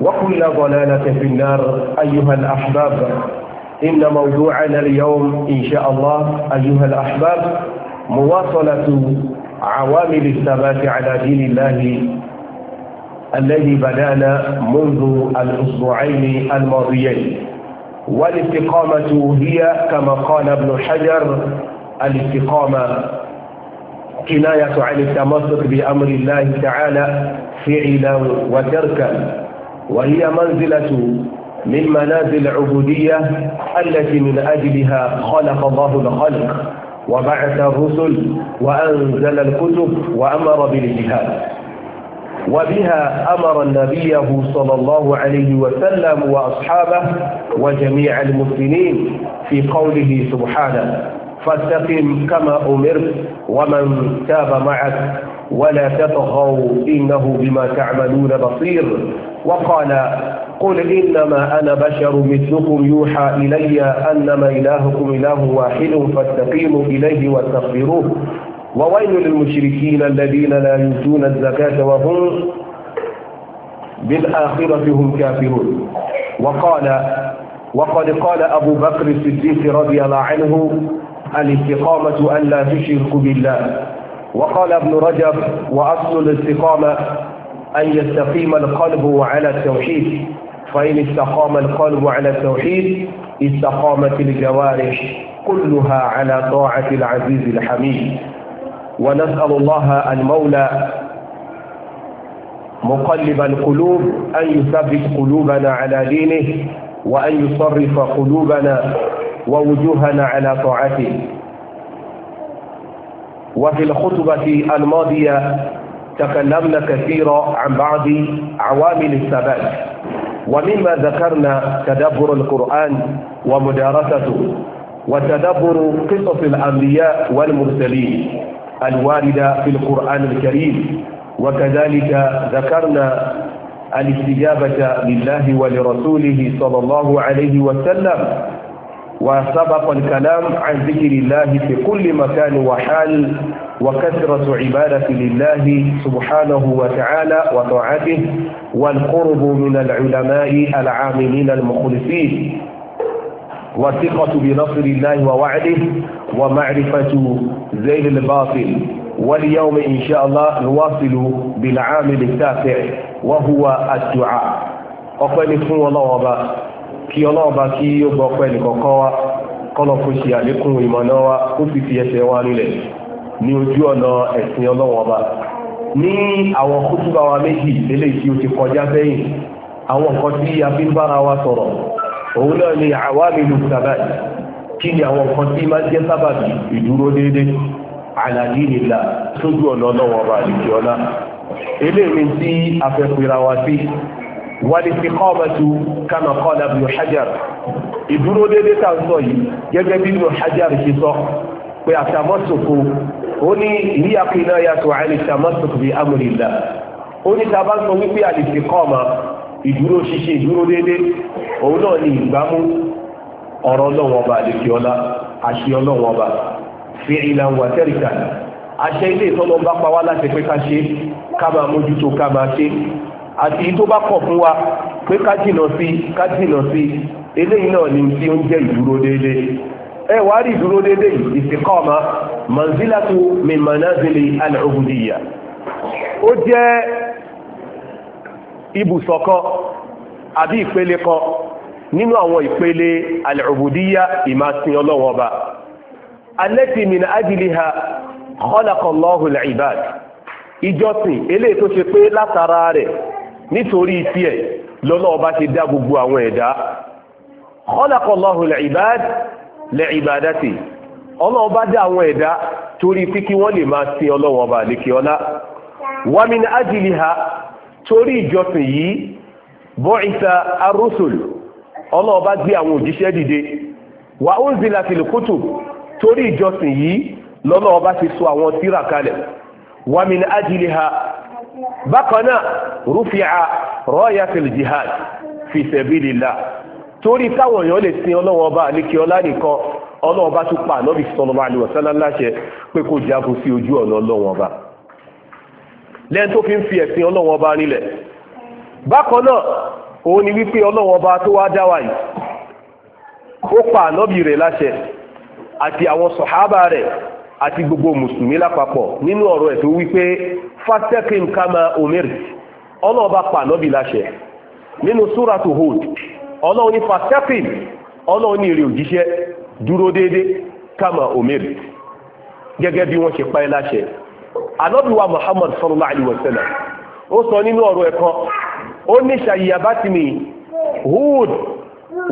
وكل ضلالة في النار أيها الأحباب إن موضوعنا اليوم إن شاء الله أيها الأحباب مواصلة عوامل الثبات على دين الله الذي بدأنا منذ الأسبوعين الماضيين والاستقامة هي كما قال ابن حجر الاستقامة كناية عن التمسك بأمر الله تعالى فعلا وتركا وهي منزلة من منازل العبودية التي من أجلها خلق الله الخلق وبعث الرسل وأنزل الكتب وأمر بالجهاد وبها أمر نبيه صلى الله عليه وسلم وأصحابه وجميع المسلمين في قوله سبحانه فاستقم كما أمرت ومن تاب معك ولا تطغوا إنه بما تعملون بصير وقال قل إنما أنا بشر مثلكم يوحى إلي أنما إلهكم إله واحد فاستقيموا إليه واستغفروه وويل للمشركين الذين لا يؤتون الزكاة وهم بالآخرة هم كافرون وقال وقد قال أبو بكر الصديق رضي الله عنه الاستقامة أن لا تشرك بالله وقال ابن رجب وأصل الاستقامة أن يستقيم القلب على التوحيد فإن استقام القلب على التوحيد استقامت الجوارح كلها على طاعة العزيز الحميد ونسأل الله المولى مقلب القلوب أن يثبت قلوبنا على دينه وأن يصرف قلوبنا ووجوهنا على طاعته وفي الخطبة الماضية تكلمنا كثيرا عن بعض عوامل الثبات ومما ذكرنا تدبر القرآن ومدارسته وتدبر قصص الأنبياء والمرسلين الواردة في القرآن الكريم وكذلك ذكرنا الاستجابة لله ولرسوله صلى الله عليه وسلم وسبق الكلام عن ذكر الله في كل مكان وحال وكثرة عبادة لله سبحانه وتعالى وطاعته والقرب من العلماء العاملين المخلصين والثقة بنصر الله ووعده ومعرفة زين الباطل واليوم إن شاء الله نواصل بالعامل التاسع وهو الدعاء أقول لكم الله وبركاته kí ọlọ́ọ̀bá kí ó gbọ́ pẹ́ nìkọ̀kọ́ wa kọ́lọ̀ kó ṣe àlékún ìmọ̀nà wa ó fi fi ẹsẹ̀ wa nílẹ̀ ní ojú ọ̀nà ẹ̀sìn ọlọ́wọ́n ọba ní àwọn kútùbà wa méjì lélẹ̀ tí ó ti kọjá sẹ́yìn àwọn nǹkan tí a fi ń bára wa sọ̀rọ̀ òun náà ni àwa mi lu sábàbí kí ni àwọn nǹkan tí máa jẹ́ sábàbí ìdúró déédéé àlàyé nìlà sójú ọ̀nà ọlọ́wọ́n ọba àdìsí ọlá eléyìí tí a fẹ́ pera wa sí wàlìsíkọ́ọ̀mẹ́tù kama qala ibn hajar ìdúró dédé tá ń sọ yìí gẹ́gẹ́ bí ibn hajar ṣe sọ pé àtàmọ́sòkò ó ní ìrí àpínà yàtọ̀ àìlèsàmọ́sòkò bí amrillah ó ní ta bá ń sọ wípé àlìsíkọ́ọ̀mà ìdúró ṣíṣe ìdúró dédé òun náà ni ìgbámú ọ̀rọ̀ ọlọ́wọ́n ọba àdèkè ọlá àti tó bá kọ̀ fún wa pé ká jìnà sí ká jìnà sí eléyìí náà ni tí ó ń jẹ́ ìdúró déédéé ẹ wá rí ìdúró déédéé istiqama manzilatu min manazili al-ubudiyya ó jẹ́ ibùsọ̀ kan àbí ìpele kan nínú àwọn ìpele al ìmásin ọlọ́wọ́ ọba ajiliha khalaqa Allahu al-ibad ìjọsìn eléyìí tó ṣe pé látara rẹ̀ nítorí ipi ẹ̀ lọ́nà ọba ti dá gbogbo àwọn ẹ̀dá khalaqallahu al-ibad ọlọ́wọ́ bá dá àwọn ẹ̀dá torí pé kí wọ́n lè máa sin ọlọ́wọ́ ọba lékè ọlá ní min ha torí ìjọsìn yìí bọ́ ọlọ́wọ́ bá gbé àwọn òjíṣẹ́ dìde torí ìjọsìn yìí ọba ti sọ àwọn kalẹ̀ wa ha. bákan náà rúfìá rọ́ọ̀yà fìlì jihad fi sabilillah torí káwọn èèyàn lè sin ọlọ́wọ́n ọba àlékè ọlá nìkan ọlọ́wọ́n ọba tún pa ànábì sallallahu alaihi wasallam láṣẹ pé kó jagun sí ojú ọ̀nà ọlọ́wọ́n lẹ́yìn tó fi ń fi ẹ̀sìn ọlọ́wọ́n nílẹ̀ bákan náà òun ni wípé ọlọ́wọ́n tó wá dá wa ó pa ànábì rẹ̀ láṣẹ àti àwọn sọ̀hábà rẹ̀ àti gbogbo mùsùlùmí lápapọ̀ nínú ọ̀rọ̀ ẹ̀ tó wípé kama umirt ọlọ́ọ̀bá pa ànábì láṣẹ nínú suratu Hud ọlọ́ọ̀ ní fastaqim ọlọ́ọ̀ ní èrè òjíṣẹ́ dúró déédé kama omeri gẹ́gẹ́ bí wọ́n ṣe pa ẹ́ láṣẹ ànábì wa Muhammad ó sọ nínú ọ̀rọ̀ ó Hud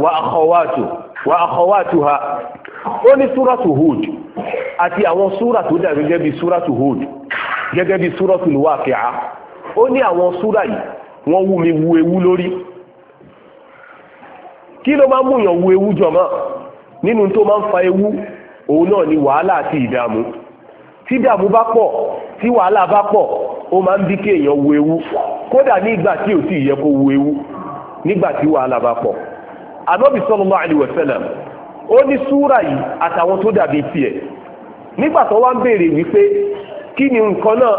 wa wa ó ní súrátù hood. àti àwọn súrà tó dà gẹ́gẹ́ bí súrátù Hud gẹ́gẹ́ bí súrátù Waqi'a ó ní àwọn súrà yìí wọ́n wú mi wu ewu lórí kí ló máa ń múyàn wu ewu jọmọ́ nínú tó máa ń fa ewu òun náà ni wàhálà àti ìdààmú tí dààmú bá pọ̀ tí wàhálà bá pọ̀ ó máa ń bí kí èèyàn wu ewu kódà ní ìgbà tí ò sì yẹ kó wu ewu nígbà tí wàhálà bá pọ̀ Ànábì sallallahu alaihi wasallam ó ní súrà yìí àtàwọn tó dàbí tiẹ̀ nígbà tó wá ń béèrè wípé kí ni nǹkan náà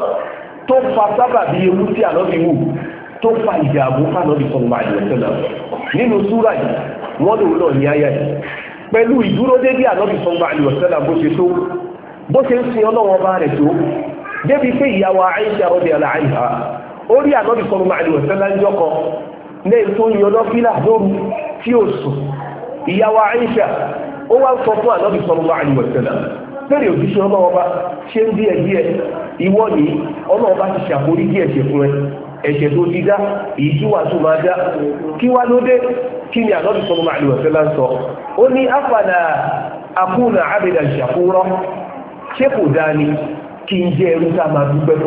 tó fa sábàbí ewu tí ànábì wù tó fa ìdààmú ka sọ̀rọ̀ àyẹ̀sẹ̀lá nínú súrà yìí wọ́n lòun náà ní àyà yìí pẹ̀lú ìdúró dédé ànábì sọ̀rọ̀ àyẹ̀sẹ̀lá bó ṣe tó bó ṣe ń ọlọ́wọ́n bá rẹ̀ tó débi pé ìyàwó ń ìyàwó Àìṣà ó wá sọ fún ànábì sallallahu alaihi wasallam bẹ́ẹ̀rẹ̀ òjíṣẹ́ ọlọ́ọba ṣe ń díẹ̀ díẹ̀ ìwọ ní ọlọ́ọba ti ṣàforí díẹ̀ ṣe fún ẹ ẹ̀ṣẹ̀ tó ti dá èyí tí wà tó máa dá kí wá sọ ó ní na-akụ ṣé kò dáa ni kí n jẹ́ ẹrú tá a máa dúpẹ́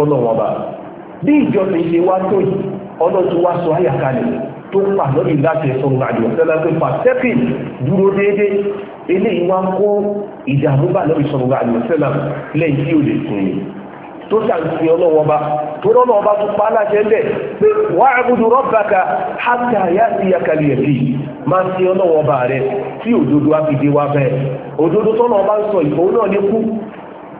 bí ìjọ tó pa lọ́dí láti ẹ̀sọ́ ìrìnàjò tẹ́lá pé pàtẹ́kì dúró déédé ilé ìwá kó ìdàmúbà lọ́dí sọ̀rọ̀ àjò tẹ́lá lẹ́yìn tí ó lè sùn yìí tó ṣàǹsìn ọlọ́wọ́ bá tó rọ́nà ọba tó pa aláṣẹ ń bẹ̀ pé wà á gbúdú rọ́bàkà hátà yá sí akalẹ̀ ẹ̀bí máa ṣe ọlọ́wọ́ bá rẹ tí òdodo á fi dé wá bẹ́ẹ̀ òdodo tọ́nà ọba ń sọ ìfowó náà ní kú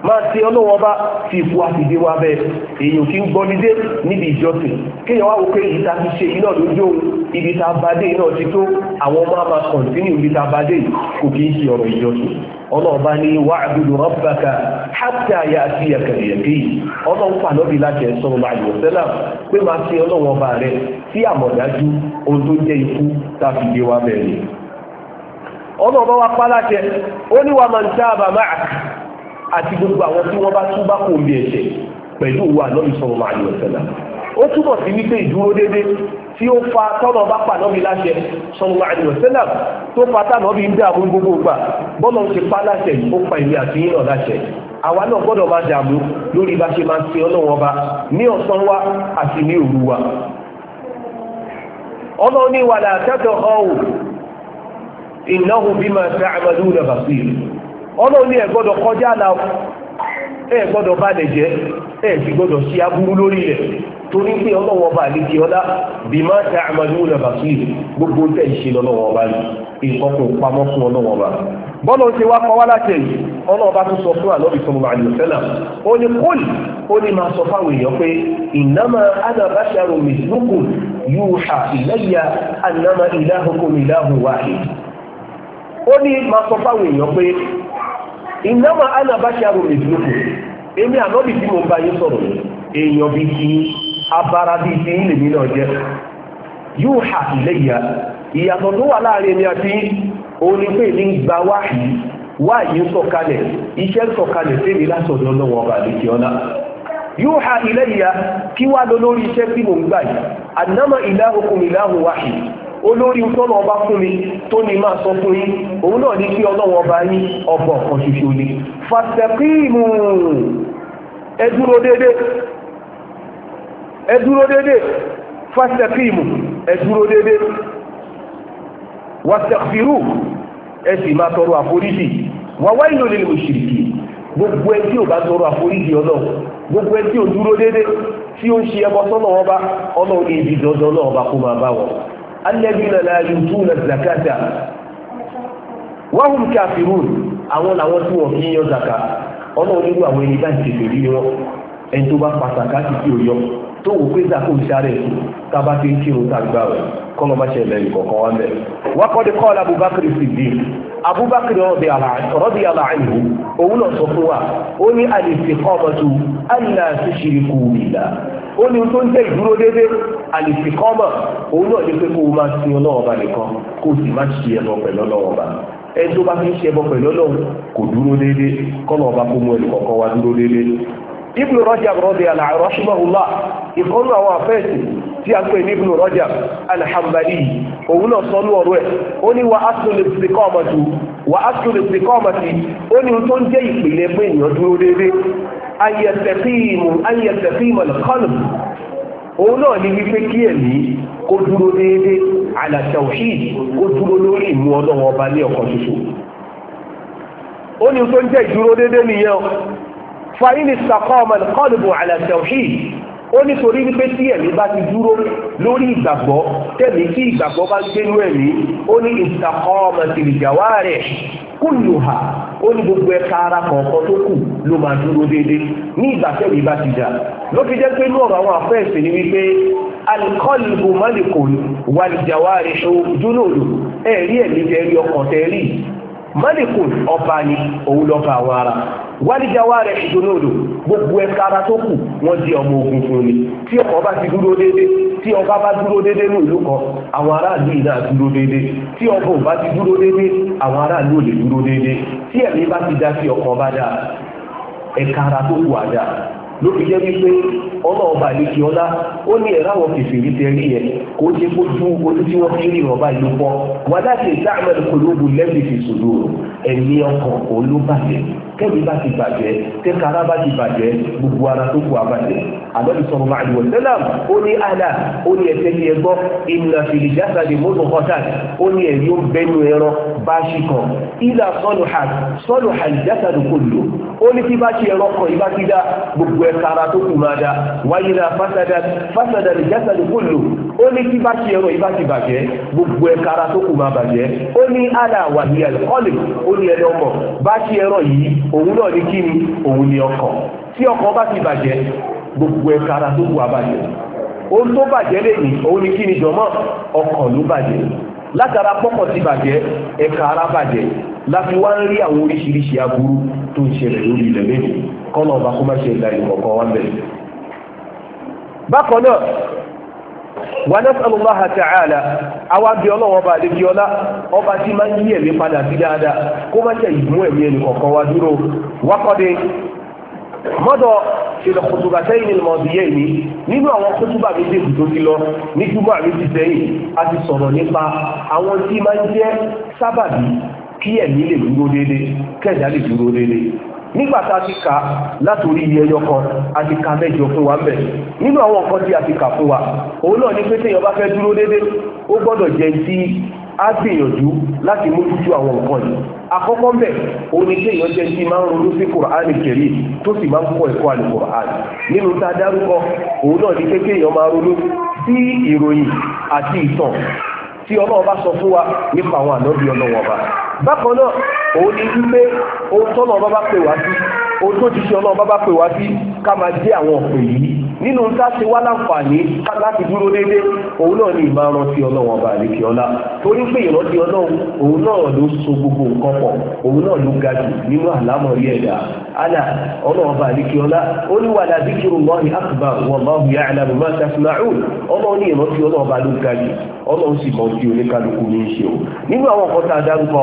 máa ti ọlọ́wọ́ bá ti ipò àfìdí wa bẹ́ẹ̀ èèyàn kí ń gbọ́nidé níbi ìjọsìn kéèyàn wá wò pé ìta fi ṣe iná lójú òun ibi tá a bá dé náà ti tó àwọn ọmọ àmà kọ̀ǹtínú ibi tá a bá dé kò kí ń ṣe ọ̀rọ̀ ìjọsìn ọlọ́ọ̀bá ní wa'budu rabbaka hatta ya'tiyaka al-yaqin ọlọ́run pàlọ́bí láti ẹ̀sọ́ ọba àyọ̀sẹ́là pé a fi gbé wa bẹ̀rẹ̀ ọlọ́ọ̀bá wa pa láti ẹ̀ ó ní wa man taba ma'ak àti gbogbo àwọn tí wọ́n bá tún bá kò ń bí ẹ̀ṣẹ̀ pẹ̀lú òwò àlọ́bí sọ̀rọ̀ àyọ̀sẹ́là ó túbọ̀ sí wípé ìdúró déédéé tí ó fa tọ́nà bá pa nọ́bí láṣẹ sọ́nà àdìwọ̀ sẹ́lá tó fa tánàbí ń dààmú gbogbo gbà bọ́lọ̀ ṣe pa láṣẹ ó pa ìwé àti yíyàn láṣẹ àwa náà gbọ́dọ̀ máa dààmú lórí bá ṣe máa sin ọlọ́wọ́n ọba ní ọ̀sán wa àti ní òru wa ní wàlà àtẹ́tọ̀ ọ̀hún àmàlú rẹ̀ bàbí ní E gbọ́dọ̀ bá lẹ̀ jẹ́ ẹ sì gbọ́dọ̀ sí aburú lórí rẹ̀ torí pé ọlọ́wọ́ bá lè di ọlá ta àmàlú rẹ̀ bá gbogbo tẹ̀ ìṣe lọ́wọ́ bá ní ìkọkùn pamọ́ fún ọlọ́wọ́ bá. bọ́lá ti wá kọ́ wá láti ẹ̀yìn ọlọ́wọ́ bá sọ fún àlọ́bì sọmọ pe. òfẹ́là ó ní kólì ó ní máa sọ fáwọn èèyàn pé ìnáma mìsúkù ìnáwó anábàṣàrò mìtìlókù èmi ànọ́bì tí mo bá yín sọ̀rọ̀ èèyàn bíi ti abara bíi ti ń lèmi náà jẹ́ yóò hà ìlẹ́yà ìyàtọ̀ tó wà láàrin èmi àti òun ni pé ní gba wáyé wáyé sọ̀kalẹ̀ iṣẹ́ sọ̀kalẹ̀ sẹ́mi lásọ̀dọ̀ lọ́wọ́ ọba àdìkì ọlá yóò hà ìlẹ́yà kí wá lọ lórí iṣẹ́ tí mo ń gbà yìí ànámọ̀ ìlàhùn kùn ìlàhùn olórí tọ́nà ọba fún mi tó ní máa sọ fún yín òun náà ní kí ọlọ́wọ́ ọba yín ọbọ̀ kan ṣoṣo ni fàṣẹkíìmù ẹ dúró dédé ẹ dúró dédé fàṣẹkíìmù ẹ dúró dédé wàṣẹkìrù ẹ sì máa tọrọ àforíjì wàwá ìlú lè lò ṣìrìkì gbogbo ẹ tí ò bá tọrọ àforíjì ọlọ́run gbogbo ẹ tí ò dúró dédé tí ó ń ṣe ẹbọ sọ́nà ọba ọlọ́run ní náà ọba kó máa bá wọn alladhina la yu'tuna zakata wa hum kafirun àwọn làwọn tí wọ́n kì í zaka ọlọ́run nínú àwọn ẹni báyìí kèfèrí ni wọ́n ẹni tó bá pa sàkáàtì tí tó wù pé sàkó ìsáré tába ti ń kírun tá a gbà rẹ̀ kọ́nà má ṣẹlẹ̀ ìkọ̀kan wá mẹ́. wákọ́dé kọ́ọ̀lá abubakar siddiq abubakar rọ́bì aláìhù òun náà sọ fún wa ó ní al-istiqamatu alla tushriku billah ó ní tó ń jẹ́ ìdúró déédé al-istiqama òun náà ní pé kó o máa sin ọlọ́wọ́ nìkan kó o sì má ṣe ẹbọ pẹ̀lú ọlọ́wọ́ ẹni tó bá fi ń ṣe ẹbọ pẹ̀lú ọlọ́wọ́ kò dúró déédé kọ́nà ọba kó mú ẹnì kọ̀ọ̀kan wá dúró déédé ibn rajab rọ́dí aláàrọ́ṣùmọ̀húnlá ìkọ́nù àwọn àfẹ́ẹ̀sì tí a pè ní ibn rajab alhambali òun náà sọ́nú ọ̀rọ̀ ẹ̀ ó ní wa asùnlẹ̀ pìkọ́ọ̀mọ̀tì wa asùnlẹ̀ pìkọ́ọ̀mọ̀tì ó ní tó ń jẹ́ ìpìlẹ̀ pé èèyàn dúró déédé ayẹ̀tẹ̀fíìmù ayẹ̀tẹ̀fíìmù alqalb òun náà ní wípé kí ẹ̀mí kó dúró déédé ala tawhid kó fàyínì sàkọ́ọ̀mọ̀ kọ́lùbù àlàtẹ̀wì ó nítorí wípé tí ẹ̀mí bá ti dúró lórí ìgbàgbọ́ tẹ̀mí tí ìgbàgbọ́ bá gbénú ẹ̀mí ó ní ìsàkọ́ọ̀mọ̀ tìrìjàwá rẹ̀ kúlù hà ó ní gbogbo ẹ̀ka ara kọ̀ọ̀kan tó kù ló máa dúró déédéé ní ìgbà tẹ̀mí bá ti dà ló fi jẹ́ pé ní ọ̀rọ̀ àwọn àfẹ́ẹ̀sì ni wípé alikọ́lùbù mọ́lìkò wàlìjàwá rẹ̀ ṣo dúnòdò ẹ̀rí ẹ̀mí jẹ́ rí ọkàn tẹ́rí malikun ọba ni òun lọ́ba àwọn ara wálíjáwá rẹ̀ ìdónòdò gbogbo ẹ̀ka ara tó kù wọ́n di ọmọ ogun fún ni tí ọkọ̀ bá ti dúró déédé tí ọba bá dúró déédé ní ìlú kan àwọn aráàlú yìí náà dúró déédé tí ọkọ̀ bá ti dúró déédé àwọn aráàlú ò lè dúró déédé tí ẹ̀mí bá ti dá sí ọkọ̀ bá dáa ẹ̀ka ara tó kù àdáa ló fi jẹ́ wípé ọlọ́ọ̀bà àlejò ọlá ó ní ẹ̀rọ àwọn kìfìrí tẹ rí yẹn kó ṣe kó tú ojú tí wọ́n fi rí ìrọ̀bá ìlú pọ̀ wà láti ìdáàmú ẹ̀kọ́lógù lẹ́bi fi sòdò ẹ̀mí ọkàn òun ló bàjẹ́ kẹ́mi bá ti bàjẹ́ kẹ́kara bá ti bàjẹ́ gbogbo ara tó kù àbàjẹ́ àbẹ́bí sọ̀rọ̀ máa lù ọ̀sẹ́lá ó ní àlà ó ní ẹsẹ̀ ní ẹgbọ́ ìnà fìlìjásà lè mọ́tò kọ́tà ó ní ẹ̀rí ó bẹnu bá ṣì kàn ìlà sọ́lù hà sọ́lù hà ìjásà lóko lò ó ní tí bá ṣe ẹran kan ìbá ti dá gbogbo ẹ̀ka ara tó kù máa da wáyé náà fásádà fásádà lè jásàdì kúlù ó ní kí bá ṣe ẹ̀rọ ìbá bàjẹ́ gbogbo ẹ̀ka tó kù máa bàjẹ́ ó ní àlà wà ní ẹ̀kọ́lì ó ní ẹni ọmọ bá ṣe ẹ̀rọ yìí òun náà ní kíni òun ní ọkàn tí ọkàn bá ti bàjẹ́ gbogbo ẹ̀ka tó kù á ohun tó bàjẹ́ lè ní òun ní kíni jọmọ́ ọkàn ló bàjẹ́ látara pọ́pọ̀ ti bàjẹ́ ẹ̀ka ara bàjẹ́ láti wá ń rí àwọn oríṣiríṣi aburú tó ń ṣẹlẹ̀ lórí ilẹ̀ lẹ́nu kọ́nà ọba kó má ṣe ìlà ìkọ̀kọ̀ wá bẹ̀rẹ̀. bákan náà wà nas'alullaha ta'ala àwa bí ọba nke mọ́dọ̀ ṣẹlẹ̀ kòtùbà sẹ́yìn ní ìmọ̀díyẹ ni nínú àwọn kòtùbà méjèèjì tó ti lọ ní túbọ̀ àríjì sẹ́yìn a ti sọ̀rọ̀ nípa àwọn tí máa ń jẹ́ sábàbí kí ẹ̀mí lè dúró déédéé kẹ̀dá lè dúró déédéé nígbàtà ti kà látòrí iye ẹyọ kan a ti ka mẹ́jọ fún wa mẹ́ nínú àwọn nǹkan tí a ti kà fún wa òun náà ni pé téèyàn bá fẹ́ dúró dédé ó gbọ́dọ̀ tí a gbìyànjú láti mójútó àwọn nǹkan yìí àkọ́kọ́ mẹ́ òní téèyàn jẹ́ tí máa ń ronú sí kùránì kẹ̀rí tó sì máa ń kọ́ ẹ̀kọ́ àlùkùránì nínú tá a dárúkọ òun náà ni pé máa ronú sí ìròyìn àti ìtàn tí sọ fún wa nípa àwọn ànábì ọlọ́wọ́ bákan náà òun ni wípé ohun tọ́nà ọba bá pè wá sí ohun tó ti pè wá sí ká máa àwọn ọ̀pẹ yìí nínú tá a ṣe wá láǹfààní láti dúró òun náà ni ìmọ̀ ọ̀rọ̀ ti ọlọ́wọ̀n ọba àlekè ọlá náà ló so gbogbo nǹkan pọ̀ òun náà ló ga jù nínú ọba àlekè ọlá ó ní wàlá ọlọ́run ní ìrántí ọlọ́wọ̀n ọba ló ga jù ọlọ́run o a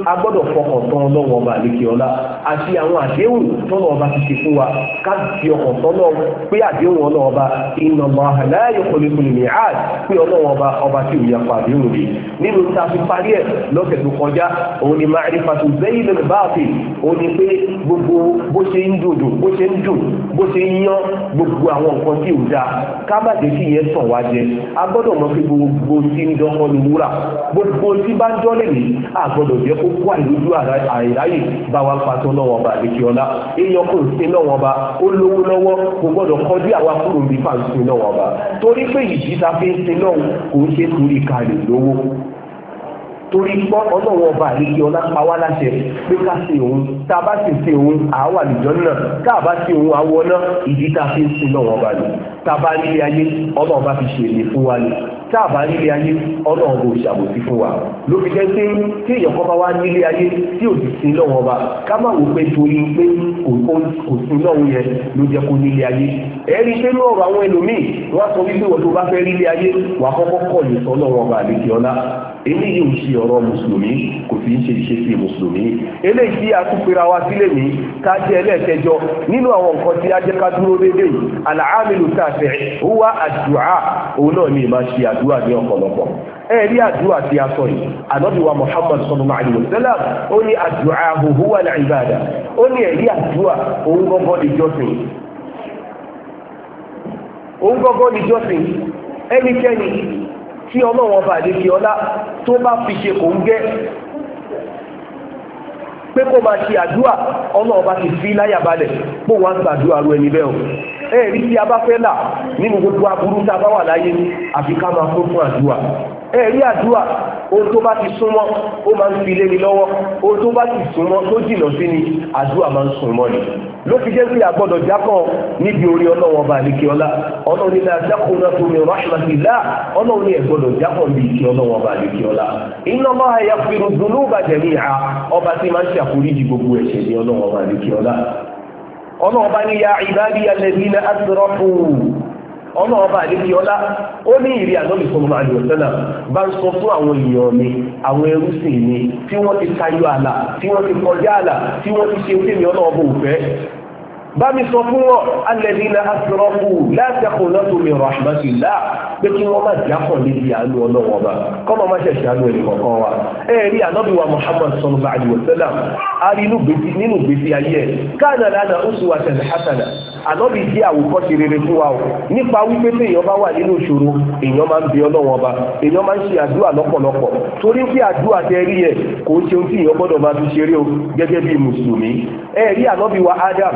a gbọ́dọ̀ fọkàn tán lọ́wọ́ ọba àlékè ọlá àti àwọn àdéhùn tọ́lọ̀ ọba ti ṣe fún wa ká fi ọkàn tán lọ pé àdéhùn ọlọ́wọ́ ọba iná mọ àláyé kọlẹ́kùnrin ní àd pé ọlọ́wọ́ ọba ọba tí ò yẹ pa àdéhùn rẹ̀ nínú ta fi parí ẹ̀ lọ́sẹ̀ tó kọjá òun ni máa rí fatu zẹ́yìn lónìí báàfin òun ni pé gbogbo bó ṣe ń dòdò bó ṣe ń dùn bó ṣe ń yán gbogbo àwọn nǹkan tí ò dáa ká má jẹ́ kí ìyẹn sàn wá jẹ a mọ̀ pé gbogbo tí ń dán ni wúrà gbogbo tí bá ń dán lè ní jẹ́ kó kó àìlójú àìráyè bá wa pàtó lọ́wọ́ ọba àdékè ọlá èèyàn kò sí lọ́wọ́ ọba ó lówó lọ́wọ́ kò gbọ́dọ̀ kọjú àwa kúrò nípa ń sin lọ́wọ́ ọba torí pé ìjì ta fi ń sin lọ́wọ́ kò ń ṣe torí ká lè lówó torí pọ́ ọlọ́wọ́ ọba àlejò ọlá pa wá láṣẹ pé ká ṣe òun tá a bá sì ṣe òun àáwà lùjọ́ náà tá a bá ṣe òun àwọ̀ náà ìdí tá a fi ń sin náà wọ́n bá lò tá a bá nílé ayé ọlọ́wọ́ bá fi ṣe èlé fún wa lò tá a bá nílé ayé ọlọ́wọ́ bó ṣàbòsí fún wa ló fi jẹ́ pé tí èèyàn kan bá wá nílé ayé tí ò sì sin náà wọ́n ká má wò pé torí pé kò sin náà yẹn ló jẹ́ kó nílé ayé ẹ̀rí pé ní ọ̀rọ̀ àwọn ẹlòmíì wọ́n sọ wípé wọ́n tó bá fẹ́ rí ayé wà á kọ́kọ́ kọ̀ ní sọ́nà wọn bá àlejò ọlá èmi yìí ò ṣe ọ̀rọ̀ mùsùlùmí kò fi ń ṣe ìṣesí mùsùlùmí eléyìí tí a tún wa sílẹ̀ ní ká jẹ́ ẹlẹ́ẹ̀kẹjọ nínú àwọn nǹkan tí a jẹ́ ká dúró déédéé yìí àlàámìlú tàfẹ́ ó wá àdúrà òun náà ni máa ṣe àdúrà ní ọ̀pọ̀lọpọ̀ ẹ̀rí àdúrà tí a sọ yìí ànábìwa Muhammad sallallahu alaihi wasallam ó ní àdúrà huwa al-ibada ó ní ẹ̀rí àdúrà òun gọ́gọ́ ìjọsìn òun gọ́gọ́ ìjọsìn ẹnikẹ́ni tí ọlọ́wọ́n bá lè fi ọlá tó bá fi ṣe kò ń gẹ́ pé kó máa ṣe àdúrà ọlọ́wọ́n bá ti fi láyà balẹ̀ kó wá gbàdúrà ru ẹni bẹ́ẹ̀ o ẹ̀rí tí a bá fẹ́ là nínú gbogbo aburú tá a bá wà láyé àfi ká máa fún fún àdúrà ẹ̀rí àdúrà ohun tó bá ti súnmọ́ ó máa ń fi lé ni lọ́wọ́ ohun tó bá ti súnmọ́ tó jìnà sí ni àdúrà máa ń súnmọ́ ni ló fi jẹ́ pé àgbọ̀dọ̀ jákọ̀ níbi orí ọlọ́wọ́n bá ní kí ọlá ọlọ́run nílẹ̀ àjákùnrin àtúnmí rahmatillah ọlọ́run ní ẹ̀gbọ́dọ̀ jákọ̀ níbi kí ọlọ́wọ́n bá ní kí ọlá inna Allaha yaghfiru dhunuba jami'a ọba tí máa ń ṣàforíjì gbogbo ẹ̀ṣẹ̀ ní ọlọ́wọ́n bá ní kí ọlá ọlọ́ọ̀bá ní ya ìbáàdí alladhina asrafu ọlọ́ọ̀bá àdékí ọlá ó ní ìrí àdọ́bì sọmọ àdìọ̀sẹ́nà bá ń sọ fún àwọn èèyàn mi àwọn ẹrúsìn mi tí wọ́n ti tayọ àlà bá mi sọ fún wọn alẹ́dínlá asọ́rọ́kù látẹ̀kùn náà tó mi rahmatillah pé kí wọ́n má jákọ̀ níbi àánú ọlọ́wọ́ bá kọ́mọ má ṣẹ̀ṣẹ̀ àánú ẹ̀rí kọ̀ọ̀kan wa ẹ̀rí ànábìwá muhammad sallallahu alaihi wasallam ari nínú gbèsè ayé ẹ̀ káàdà lánà uswatan hasana ànábì jẹ́ àwòkọ́ṣe rere fún wa o nípa wípé pé èèyàn bá wà nínú ìṣòro èèyàn máa ń bi ọlọ́wọ́ bá èèyàn máa ń ṣe àdúrà lọ́pọ̀lọpọ̀ torí pé àdúrà tẹ rí ẹ kò ń ṣe ohun tí èèyàn gbọ́dọ̀ máa fi ṣeré o gẹ́gẹ́ bí mùsùlùmí ẹ̀rí ànábìwá adam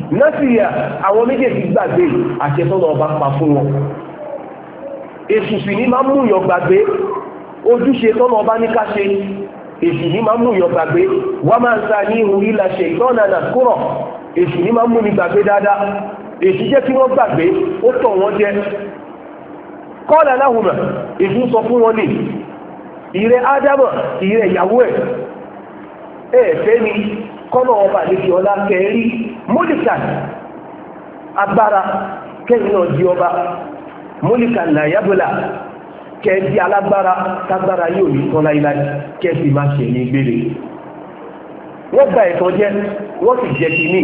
násìyà àwọn méjèèjì gbàgbé àṣẹ tọ́lọ ọba pa fún wọn èṣù sì ní máa ń múyàn gbàgbé ojúṣe tọ́lọ ọba ní ká ṣe èṣù ní máa ń múyàn gbàgbé wà máa ń sa ní ihò ìlà ṣe ìtọ́nà nàkúrọ̀ èṣù ní máa ń múni gbàgbé dáadáa èṣù jẹ́ kí wọ́n gbàgbé ó tọ̀ wọ́n jẹ kọ́ọ̀lá láhùnmá èṣù sọ fún wọn ní ìrẹ́ ádámọ̀ ìrẹ́ ìyàwó ẹ̀ ẹ̀ẹ́fẹ́ ni kọ́nà ọba àlejò ọlá kẹrí mólíkàn agbára kẹ́yìn náà di ọba mólíkàn làyábọ̀là kẹ́ẹ̀dí alágbára tágbára yóò ní tán láíláí kẹ́ẹ̀sì máa ṣe ní gbére wọ́n gba ẹ̀tọ́ jẹ́ wọ́n sì jẹ́ kí ní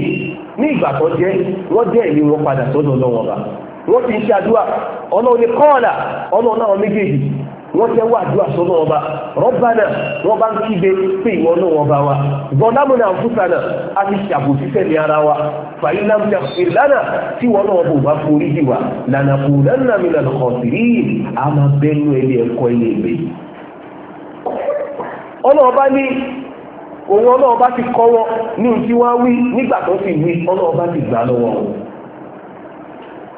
ní ìgbà tó jẹ́ wọ́n jẹ́ ìlú wọn padà sọ́dọ̀ lọ́wọ́ bá wọ́n ti ń ṣe àdúrà ọlọ́run ní kọ́ọ̀là ọlọ́run náà méjèèjì wọ́n tẹ́ wà ju àṣọ náà ọba wọ́n bá ń kígbe pé ìwọ náà ọba wa bọ́dámù náà a ti ṣàbòsí fẹ́mi ara wa tí wọ́n náà bò bá a máa bẹ́nu ẹni ẹ̀kọ́ ilé ìgbé. ọlọ́ọ̀bá ní òun ọlọ́ọ̀bá ti kọ́ wọn ní nígbà tó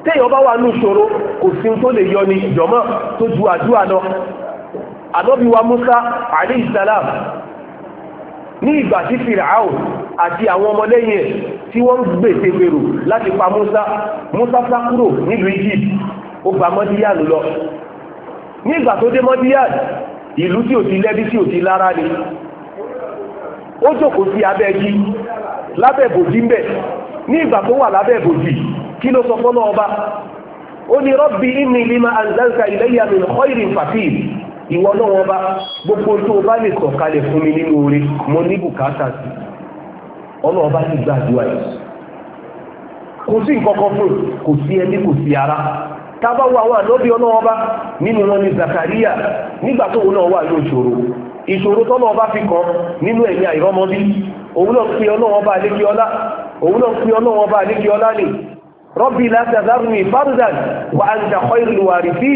téèyàn bá wà ní ìṣòro kò sí tó lè yọ ni ìjọmọ́ tó ju àdúrà lọ ànábì wa Musa alayhi salam ní ìgbà tí Fìràáù àti àwọn ọmọlẹ́yìn ẹ̀ tí wọ́n ń gbèsè gbèrò láti pa Musa Musa sá kúrò nílùú Egypt ó gba mọ́díyàn lọ ní ìgbà tó dé mọ́díyàn ìlú tí ò ti lẹ́bí tí ò ti lára ni ó jókòó sí abẹ́ jí lábẹ́ bòjì ń bẹ̀ ní ìgbà tó wà lábẹ́ bòjì kí ló sọ fọ́nà ọba ó ní rọ́bì ìní lima anzalta ilayya min khairin fàfíì ìwọ náà wọn bá gbogbo tó bá lè sọ kalẹ̀ fún mi nínú oore mo ní bùkátà sí ọlọ́wọ́ bá ti gbàdúrà yìí kò sí nǹkan kan fún kò sí ẹbí kò sí ara tábà wọ àwọn ànábì ọlọ́wọ́ bá nínú wọn ni Zakaria nígbà tó òun náà wà ní ìṣòro ìṣòro tọ́lọ́wọ́ bá fi kàn nínú ẹ̀mí àìrọ́mọbí òun náà pe ọlọ́wọ́ bá lékè ọlá òun náà pe ọlọ́wọ́ bá lékè ọlá rọ́bì látàzárùn ìbárùdàn wà á ń da kọ́ìrì wà rí sí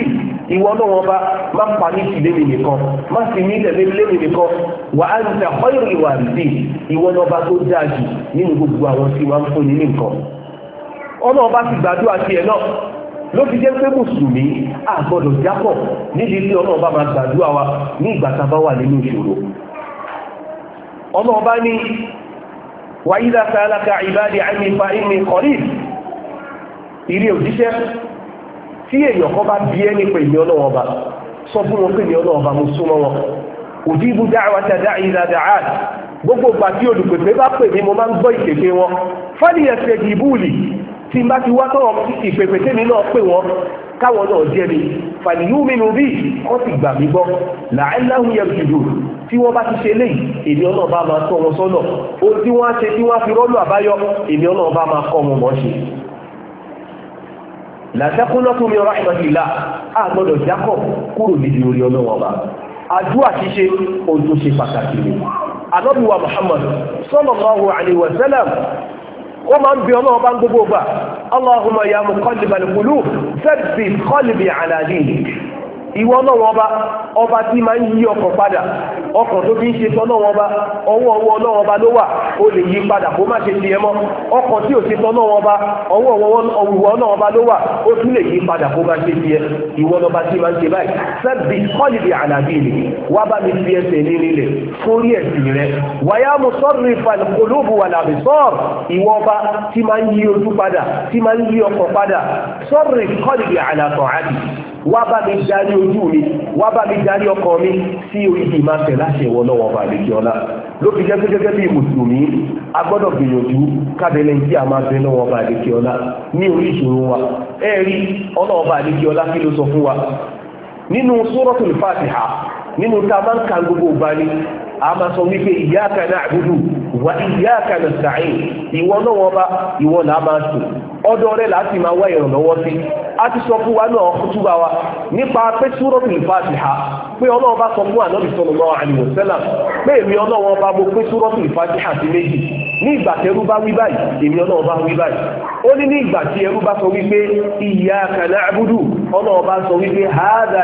ìwọ náà wọn bá má pa ní ti lémi nìkan má sì ní ilẹ̀ lémi nìkan wà á ń da kọ́ìrì wà rí sí ìwọ náà bá tó dáa jù nínú gbogbo àwọn tí wọ́n ń fún ní nìkan ọlọ́run bá ti gbàdúrà tiẹ̀ náà ló fi jẹ́ pé mùsùlùmí àgbọ̀dọ̀ jápọ̀ níbi tí ọlọ́run bá máa gbàdúrà wa ní ìgbà tá wà nínú ìṣòro ọlọ́run bá ní wàyí ilé òjíṣẹ́ tí èèyàn kan bá bí ẹni pé ìní ọlọ́wọ́ ọba sọ fún wọn pé ìní ọlọ́wọ́ ọba mo súnmọ́ wọn òdí ibú dáhàwá ti dá ìlà dáhà gbogbo ìgbà tí olùpèpè bá pè mí mo máa ń gbọ́ ìpèpè wọn fọ́nìyàn ṣe di ìbúùlì tí n bá ti wá tọ́wọ́ ìpèpè tèmi náà pè wọ́n káwọn náà jẹ́ mi fàníyú mi nù bí kọ́ sì gbà mí gbọ́ làálàhùn yẹn jùlọ tí wọ́n bá ti ṣe léyìí èmi ọ̀nà bá máa tọ́ wọn sọ́nà ohun tí wọ́n á ṣe tí wọ́n á fi rọ́lù àbáyọ èmi ọ̀nà bá máa kọ́ wọn mọ́ ṣe làtẹ́kúnlọ́kùn mi rahmatillah àgbọ́dọ̀ jákọ̀ kúrò níbi orí ọlọ́wọ́ ọba àdúrà ṣíṣe ohun tó ṣe pàtàkì ni alọ́bùwà Muhammad sallallahu alaihi wa sallam ó máa ń bí ọlọ́wọ́ bá ń gbogbo gbà Allahumma ya muqallibal qulub thabbit qalbi ìwọ ọlọ́wọ́ ọba ọba tí máa ń yí ọkàn padà ọkàn tó fi ń ṣe tọ́lọ́wọ́ ọba ọwọ́ ọwọ́ ọlọ́wọ́ ọba ló wà ó lè yí padà kó má ṣe tiẹ̀ mọ́ ọkàn tí ò ṣe tọ́lọ́wọ́ ọba ọwọ́ ọwọ́ ọlọ́wọ́ ọba ló wà ó tún lè yí padà kó má ṣe tiẹ̀ ìwọ ọlọ́ba tí máa ń ṣe báyìí sẹ́bi kọ́lìdì àlàbí ni wá bá mi fi ẹsẹ̀ ní nílẹ̀ sórí ẹ̀sìn rẹ̀ wàyà mo sọ́ọ̀rì falkolóbu wà làbí sọ́ọ̀rì ìwọ ọba tí wá bá mi darí ojú mi wá bá mi darí ọkàn mi sí oríṣi máa tẹ̀ láṣẹ ìwọ náà wọ́n bá lè jọ náà ló fi jẹ́ pé gẹ́gẹ́ bí mùsùlùmí a gbọ́dọ̀ gbìyànjú kábẹ́lẹ́ tí a máa bẹ náà wọ́n bá lè jọ náà ní orí ìṣòro wa ẹ̀rí ọlọ́wọ́ bá lè jọ náà kí ló sọ fún wa nínú suratul Fatiha nínú ta máa ń ka gbogbo ìgbà ni a máa sọ wípé iyyaka na'budu wa iyyaka nasta'in ìwọ náà wọn bá ìwọ là máa sùn ọ̀dọ̀ rẹ̀ láti máa wá ìrànlọ́wọ́ sí a ti sọ fún wa náà kútúbà wa nípa pé súrọ́tù Fatiha pé ọlọ́run bá sọ fún ànábì sallallahu alaihi wasallam pé èmi ọlọ́run bá mo pé súrọ́tù Fatiha sí méjì ní ìgbà tí ẹrú bá wí báyìí èmi ọlọ́run bá wí báyìí ó ní ní ìgbà tí ẹrú bá sọ wípé iyyaka na'budu ọlọ́run bá sọ wípé hadha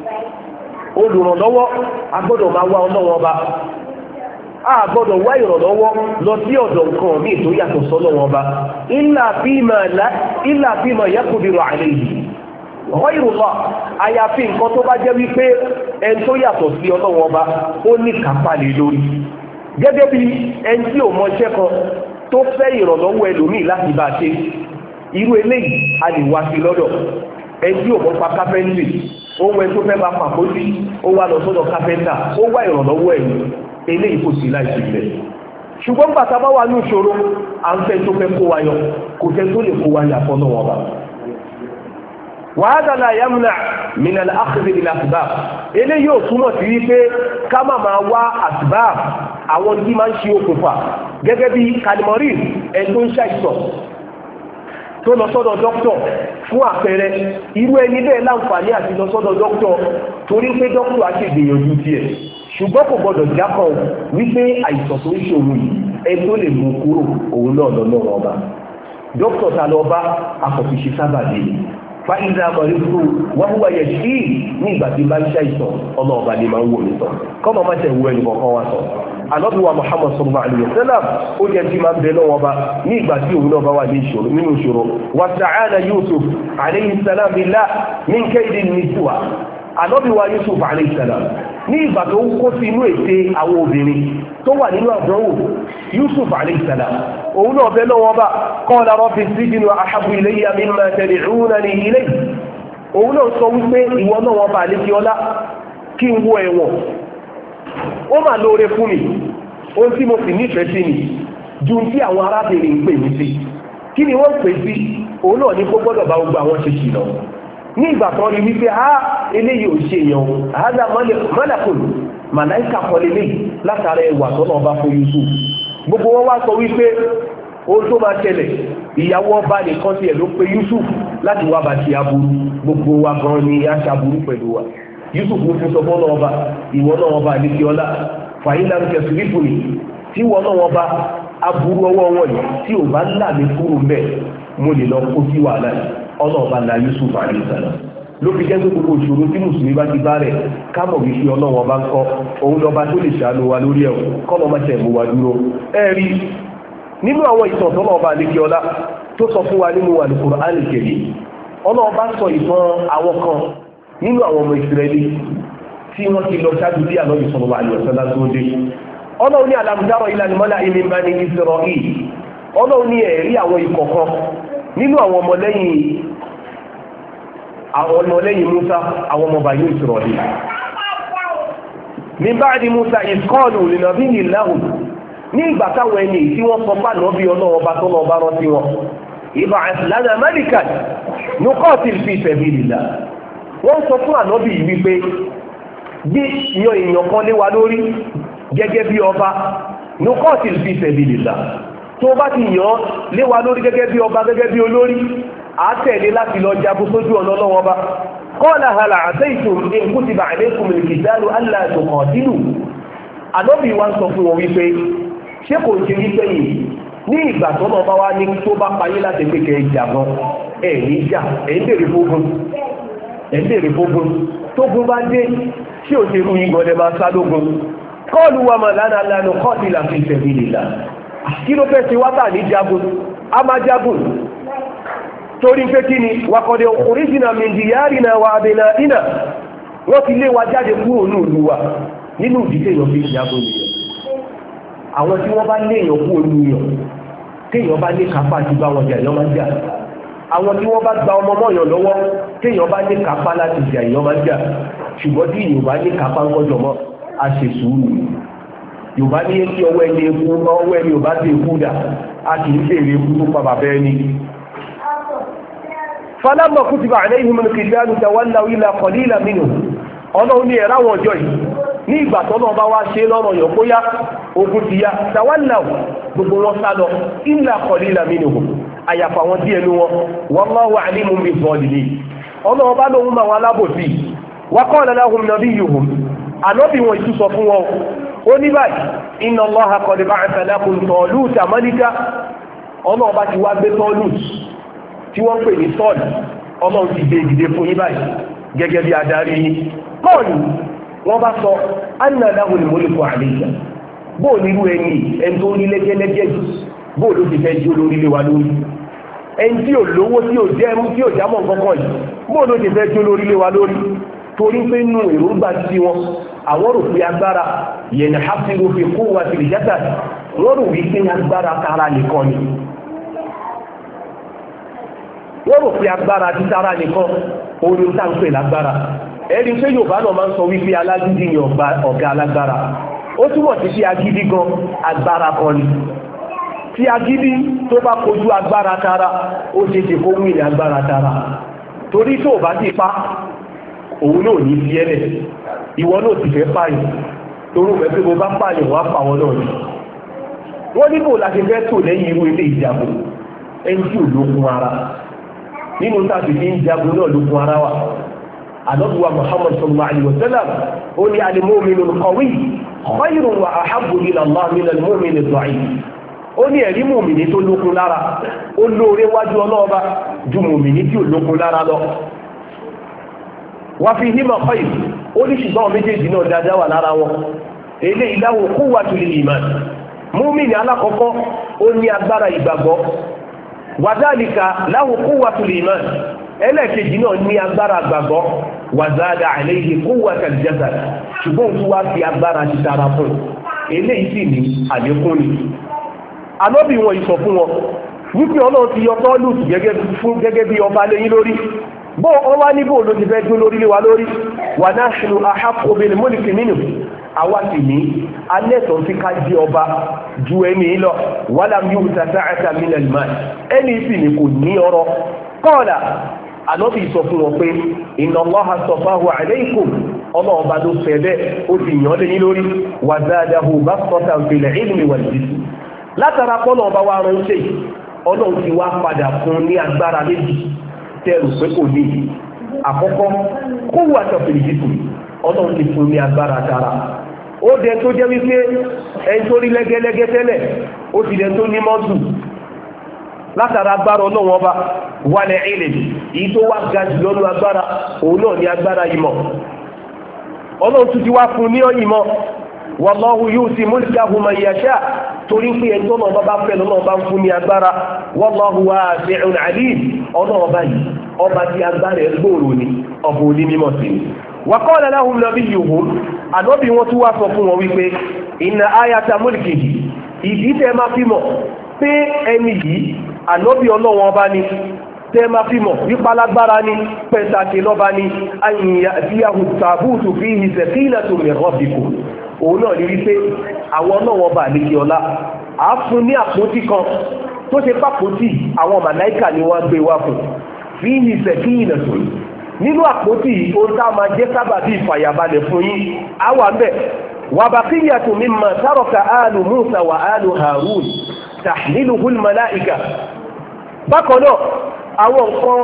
olùrànlọ́wọ́ a gbọ́dọ̀ máa wá ọlọ́wọ́ ọba a gbọ́dọ̀ wá ìrànlọ́wọ́ lọ sí ọ̀dọ̀ nǹkan míì tó yàtọ̀ sọ́lọ́wọ́ ọba ilà bímọ yẹkùnbìrò àlẹ́ yìí àyàfi nǹkan tó bá jẹ́ wípé ẹni tó yàtọ̀ sí ọlọ́wọ́ ọba ó ní kápá lórí gẹ́gẹ́ bí ẹni tí ò mọ iṣẹ́ kan tó fẹ́ a ṣe irú eléyìí a lè ó wẹ tó fẹ́ bá pàkójú ó wá lọ sọ́dọ̀ kápẹ́ńtà ó wá ìrànlọ́wọ́ ẹ̀yìn eléyìí kò sí láìsí ilẹ̀ ṣùgbọ́n bàtà bá wà ní ìṣòro à ń fẹ́ tó fẹ́ kó wa yọ kò fẹ́ tó lè kó wa yà fọ́nà wọn bá wàhálà náà yámúnà mìíràn àkùnrin ìlà àtìbá eléyìí ò túmọ̀ sí wípé ká má máa wá àtìbá àwọn tí máa ń ṣe okùnfà gẹ́gẹ́ bí kalimori ẹ̀ tó ń ṣàìsàn tó lọ sọ́dọ̀ dókítọ̀ fún àpẹẹrẹ irú ẹni bẹ́ẹ̀ láǹfààní àti lọ sọ́dọ̀ dókítọ̀ torí pé dókítọ̀ á ti gbìyànjú tiẹ̀ ṣùgbọ́n kò gbọdọ̀ jákọ̀ wípé àìsàn tó ń ṣòro yìí ẹ tó lè mú kúrò òun náà lọ́nà ọba dókítọ̀ ta lọ bá akọ̀fìṣe sábàdé fáìlà àmọ̀lẹ́kù wọ́n wá yẹ sí nígbà tí bá ń ṣàìsàn ọlọ́ọ̀bà ni máa ń wò mí sọ kọ́mọ má tẹ̀ wú ẹnì kọ̀ọ̀kan wá sọ alọ́dúnwà muhammad sallallahu alayhi wa sallam ó jẹ́ tí máa ń bẹ lọ́wọ́ bá ní ìgbà tí òun náà bá wà nínú ìṣòro wàtàánà yusuf alayhi salam billah min kaydin niswa alọ́dúnwà yusuf alayhi ní ìgbà tó kó sí inú ète àwọn obìnrin tó wà nínú àdánwò yusuf alayhi òun náà bẹ lọ́wọ́ bá qala rabbi sijnu ahabbu ilayya mimma tad'unani ó mà lóore fún mi ohun tí mo sì nífẹ̀ẹ́ sí ni ju tí àwọn arábìnrin pè mí sí kí ni wọ́n pè sí òun náà ní kó gbọ́dọ̀ bá gbogbo àwọn ṣe kìlọ̀ ní ìgbà kan rí wípé a eléyìí ò ṣe èèyàn àádá mọ́lẹ̀kùn màláìka kọlélé látara ẹwà tọ́nà ọba fún Yusuf gbogbo wọn wá sọ wípé ohun tó máa ṣẹlẹ̀ ìyàwó ọba nìkan tiẹ̀ ló pe Yusuf láti wá bàtì aburú gbogbo wa gan ni a ṣàbùrú pẹ̀lú wa. yusuf ó ti sọ ọba ìwọ náà ọba àdékè ọlá fàyínà ń kẹsùn tí ọba aburú ọwọ wọn yìí tí ò bá là mí kúrò mo lè lọ kó sí wàhálà yìí ọba la yusuf alayhi ló fi jẹ́ gbogbo ìṣòro tí mùsùlùmí bá ti bá rẹ̀ kámọ̀ ọba ń kọ́ òun lọ́ba tó lè ṣàánú wa lórí ọba ọlá tó sọ fún wa nínú àwọn ọmọ ìsirẹ́lì tí wọ́n ti lọ ṣáájú bí àlọ́ ìsọ̀rọ̀ àlùsọ̀lá tó dé ọlọ́run ní alamdaro ìlànà mọ́lá ilé bá ní ìsọ̀rọ̀ yìí ọlọ́run ní ẹ̀rí àwọn ìkọ̀kan nínú àwọn ọmọlẹ́yìn àwọn ọmọlẹ́yìn musa àwọn ọmọọba yóò sọ̀rọ̀ yìí ní báyìí musa ìkọlù lìnàbí ìlàhùn ní ìgbà táwọn ẹni tí wọ́n sọ pàdánù bí ọlọ́run bá tó wọ́n sọ fún ànábì wípé bí yan èèyàn kan lé wa lórí gẹ́gẹ́ bí ọba nukọ́ọ̀tì fi sabilillah tó bá ti yan lé wa lórí gẹ́gẹ́ bí ọba gẹ́gẹ́ bí olórí àtẹ̀lé láti lọ jagun sójú ọ̀nà ọlọ́wọ́n bá kọ́ọ̀lá hàlà àtẹ́ìtùm ìkútìbà àlékùn ìkìdánù aláàtòkọ̀ọ̀dínù ànábì wa ń sọ fún wọn wípé ṣé kò ṣe wípé yìí ní ìgbà tó náà bá wá ní tó bá payé láti pé kẹ́ ẹ jà gan ẹ̀ ní jà ẹ̀ ń bèrè fógun ẹ̀lẹ́ rẹ̀ gbogbo tó gún bá dé tí ò ṣe rú yí gọ́dẹ̀ máa sá lógún kọ́ọ̀lù wa máa lánà lánà kọ́ọ̀tì láti ìṣẹ̀lẹ̀ ìlà kí ló fẹ́ ti wátà ní jagun a máa jagun torí pé kí ni wakọ̀dẹ̀ orísìnà mìndìyàrìnà wa abẹ́nà iná wọ́n ti lé wa jáde kúrò ní ìlú wa nínú ìdílé èèyàn fi jagun nìyẹn àwọn tí wọ́n bá lé kúrò ní ìyàn téèyàn bá lé kápá àti bá jà èèyàn máa àwọn tí wọ́n bá gba ọmọ mọ́yàn lọ́wọ́ téèyàn bá ní kápá láti jà èèyàn máa jà ṣùgbọ́n tí yorùbá ní kápá ńkọjọ mọ́ a ṣe sùúrù yorùbá ní kí ọwọ́ ẹni eku ọwọ́ ẹni yorùbá ti kú dà a kì í béèrè eku tó pa bàbá ẹni. falamma kutiba alayhim al-qitalu tawallaw illa qalilan minhum ọlọ́run ní ẹ̀rá wọn ọjọ́ yìí ní ìgbà tọ́lọ́ bá wá ṣe lọ́rọ̀ yọ̀ bóyá ogun ti ya tawallaw gbogbo wọn sá lọ illa qalilan minhum àyàfà àwọn tí ẹnu wọn wallahu alimun bi zalimin ọmọ ọba lòun máa wọn alábòsí wa qala lahum wọn ìtú sọ fún wọn ó ní báyìí inna Allaha qad ba'atha lakum Taluta malika ọmọ ọba ti wá gbé Talut tí wọ́n pè ní ọmọ ti fún báyìí gẹ́gẹ́ bí adarí wọ́n bá sọ bóò bóò ló ti fẹ́ jí olórí lé wa lórí ẹni tí ò lówó tí ò jẹ́ ẹrú tí ò jámọ̀ kankan yìí bóò ló ti fẹ́ jí olórí lé wa lórí torí pé nù èròǹgbà tí wọn àwọn rò pé agbára yẹn hasiru fi kó wa ti rìjátà wọn rò wípé agbára tara nìkan ni wọn rò pé agbára ti tara nìkan orin tá ń pè lágbára ẹni pé Yorùbá náà máa ń sọ wípé alágídí ni ọ̀gá alágbára ó túmọ̀ sí sí agídí gan agbára kan ni tí agídí tó bá kojú agbára tara ó ṣe ṣe kó wílẹ̀ agbára tara torí tó bá ti pa òun náà ní fi ẹlẹ̀ ìwọ náà ti fẹ́ pààyàn torú mẹ́ pé mo bá pààyàn wá pàwọn náà ni wọ́n ní kò láti fẹ́ tò lẹ́yìn irú ilé ìjàgbó ẹni tí ò ara nínú tàbí ní náà lókun ara wa àdọ́gbùwà Muhammad sallallahu alaihi ó ní wa ó ní ẹ̀rí mùmìnì tó lókun lára ó lóore wájú ọlọ́ọba ju mùmìnì tí ò lókun lára lọ wá fi hímọ̀ kọ́ yìí ó ní ṣùgbọ́n méjèèjì náà dáadáa wà lára wọn èlé ìdáwó kú wà tó lè ìmọ̀ múmìnì alákọ̀ọ́kọ́ ó ní agbára ìgbàgbọ́ wàdáàlìkà láwò kú wà tó lè ìmọ̀ ẹlẹ́ẹ̀kejì náà ní agbára àgbàgbọ́ wàzáàdà àìlẹ́yìn kó wà kàlìjásà ṣùgbọ́n tó wá fi agbára ti tara fún eléyìí sì ní àlékún ni anọ́bì wọn ìsọ̀ fún wọn wípé ọlọ́run ti yọ tọ́lùtù gẹ́gẹ́ bí ọba lẹ́yìn lórí bó ọwá níbò ló ti fẹ́ dún lórí wa lórí wà náà ṣe ahaqqu bil mulki minhu àwa sì ní alẹ́tọ̀ sí ká jẹ ọba ju ẹni lọ walam yu'ta sa'atan min al-mal ẹni sì ni kò ní ọrọ̀ kọ́ọ̀dà ànọ́bì sọ fún wọn pé inna Allaha astafahu alaykum ọlọ́ọ̀ba ló fẹ́ bẹ́ẹ̀ ó sì yàn lẹ́yìn lórí wa zadahu basatan fil ilmi wal jism látara pọ́nà ọba wa ránṣẹ́ ọlọ́run ti wá padà fún ní agbára méjì tẹ́rù pé kò ní àkọ́kọ́ kó wà tọ̀pìlìsìtì ọlọ́run ti fún ní agbára tara ó dẹ tó jẹ́ wípé ẹni tó rí lẹ́gẹ́lẹ́gẹ́ tẹ́lẹ̀ ó ti dẹ tó ní mọ́tù látara agbára ọlọ́run ọba wálẹ̀ ilẹ̀ èyí tó wá ga fún ní ìmọ̀ wallahu yu'ti mulkahu man yasha torí pé ẹjọ́ náà bá bá fẹ́ lọ́nà bá ń fún ní agbára wallahu wasi'un alim ọ̀nà ọba yìí ọba tí agbára ẹ̀ gbòòrò ni ọba òní mímọ̀ sí ni. wa qala lahum nabiyyuhum àdọ́bí wọn tún wá sọ fún wọn wípé inna ayata mulkihi ìdí tẹ́ máa fi mọ̀ pé ẹni yìí ànọ́bí ọlọ́wọ́n ọba ni tẹ́ máa fi mọ̀ wípa ni pẹ̀sàkì lọ́ba ni àyìnyà àti fi ìhìsẹ̀ kí ilẹ̀ tó mẹ̀rọ̀ bìkù òun náà ní wípé àwọn náà wọn bà níbi ọlá a fún ní àpótí kan tó ṣe pàpótí àwọn màláìkà ni wọ́n gbé wá fún fi ní ìsẹ̀kí ìnàtò yìí nínú àpótí ohun tá a máa jẹ́ sábàbí ìfàyàbalẹ̀ fún yín á wà ń bẹ̀ wà bá kí yàtò mi mà sárọ̀ka áàlù Musa wà áàlù Harun tàhílù hulmalaika bákan náà àwọn nǹkan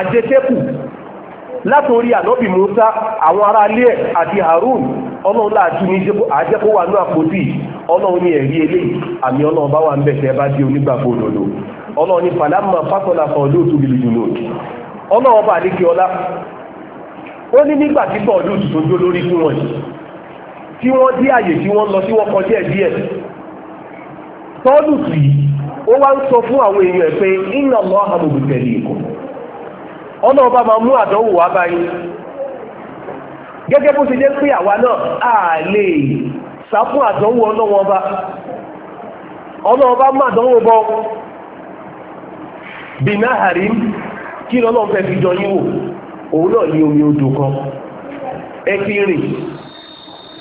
àjẹsẹ́kù látòrí ànábì Musa àwọn ará alẹ́ àti Harun ọlọ́run láàjú ní àjẹ́kó wà ní àpótí ọlọ́run ní ẹ̀rí eléyìí àmì ọlọ́run bá wà ń bẹ̀tẹ̀ bá di onígbàgbọ́ òdòdó ọlọ́run ní fàlámà fákọ̀lá fọ̀ọ́dún tó bìlì jùlọ ọlọ́run bá àdékè ọlá ó ní nígbà tí bọ́ọ̀dù tó lórí fún wọn tí wọ́n dí àyè tí wọ́n lọ wọ́n kọjá ẹ̀ díẹ̀ sí ó wá ń sọ fún àwọn ọba ma mú àdánwò wá báyìí gẹ́gẹ́ bó ti jẹ́ pé àwa náà a lè sá fún àdánwò ọlọ́wọ́n ọba ọlọ́ọ̀bá máa bọ. bọ́ bìnà harim kí lọ́lọ́run fẹ́ fi jọ yín O òun náà ní omi odò kan ẹ ti rìn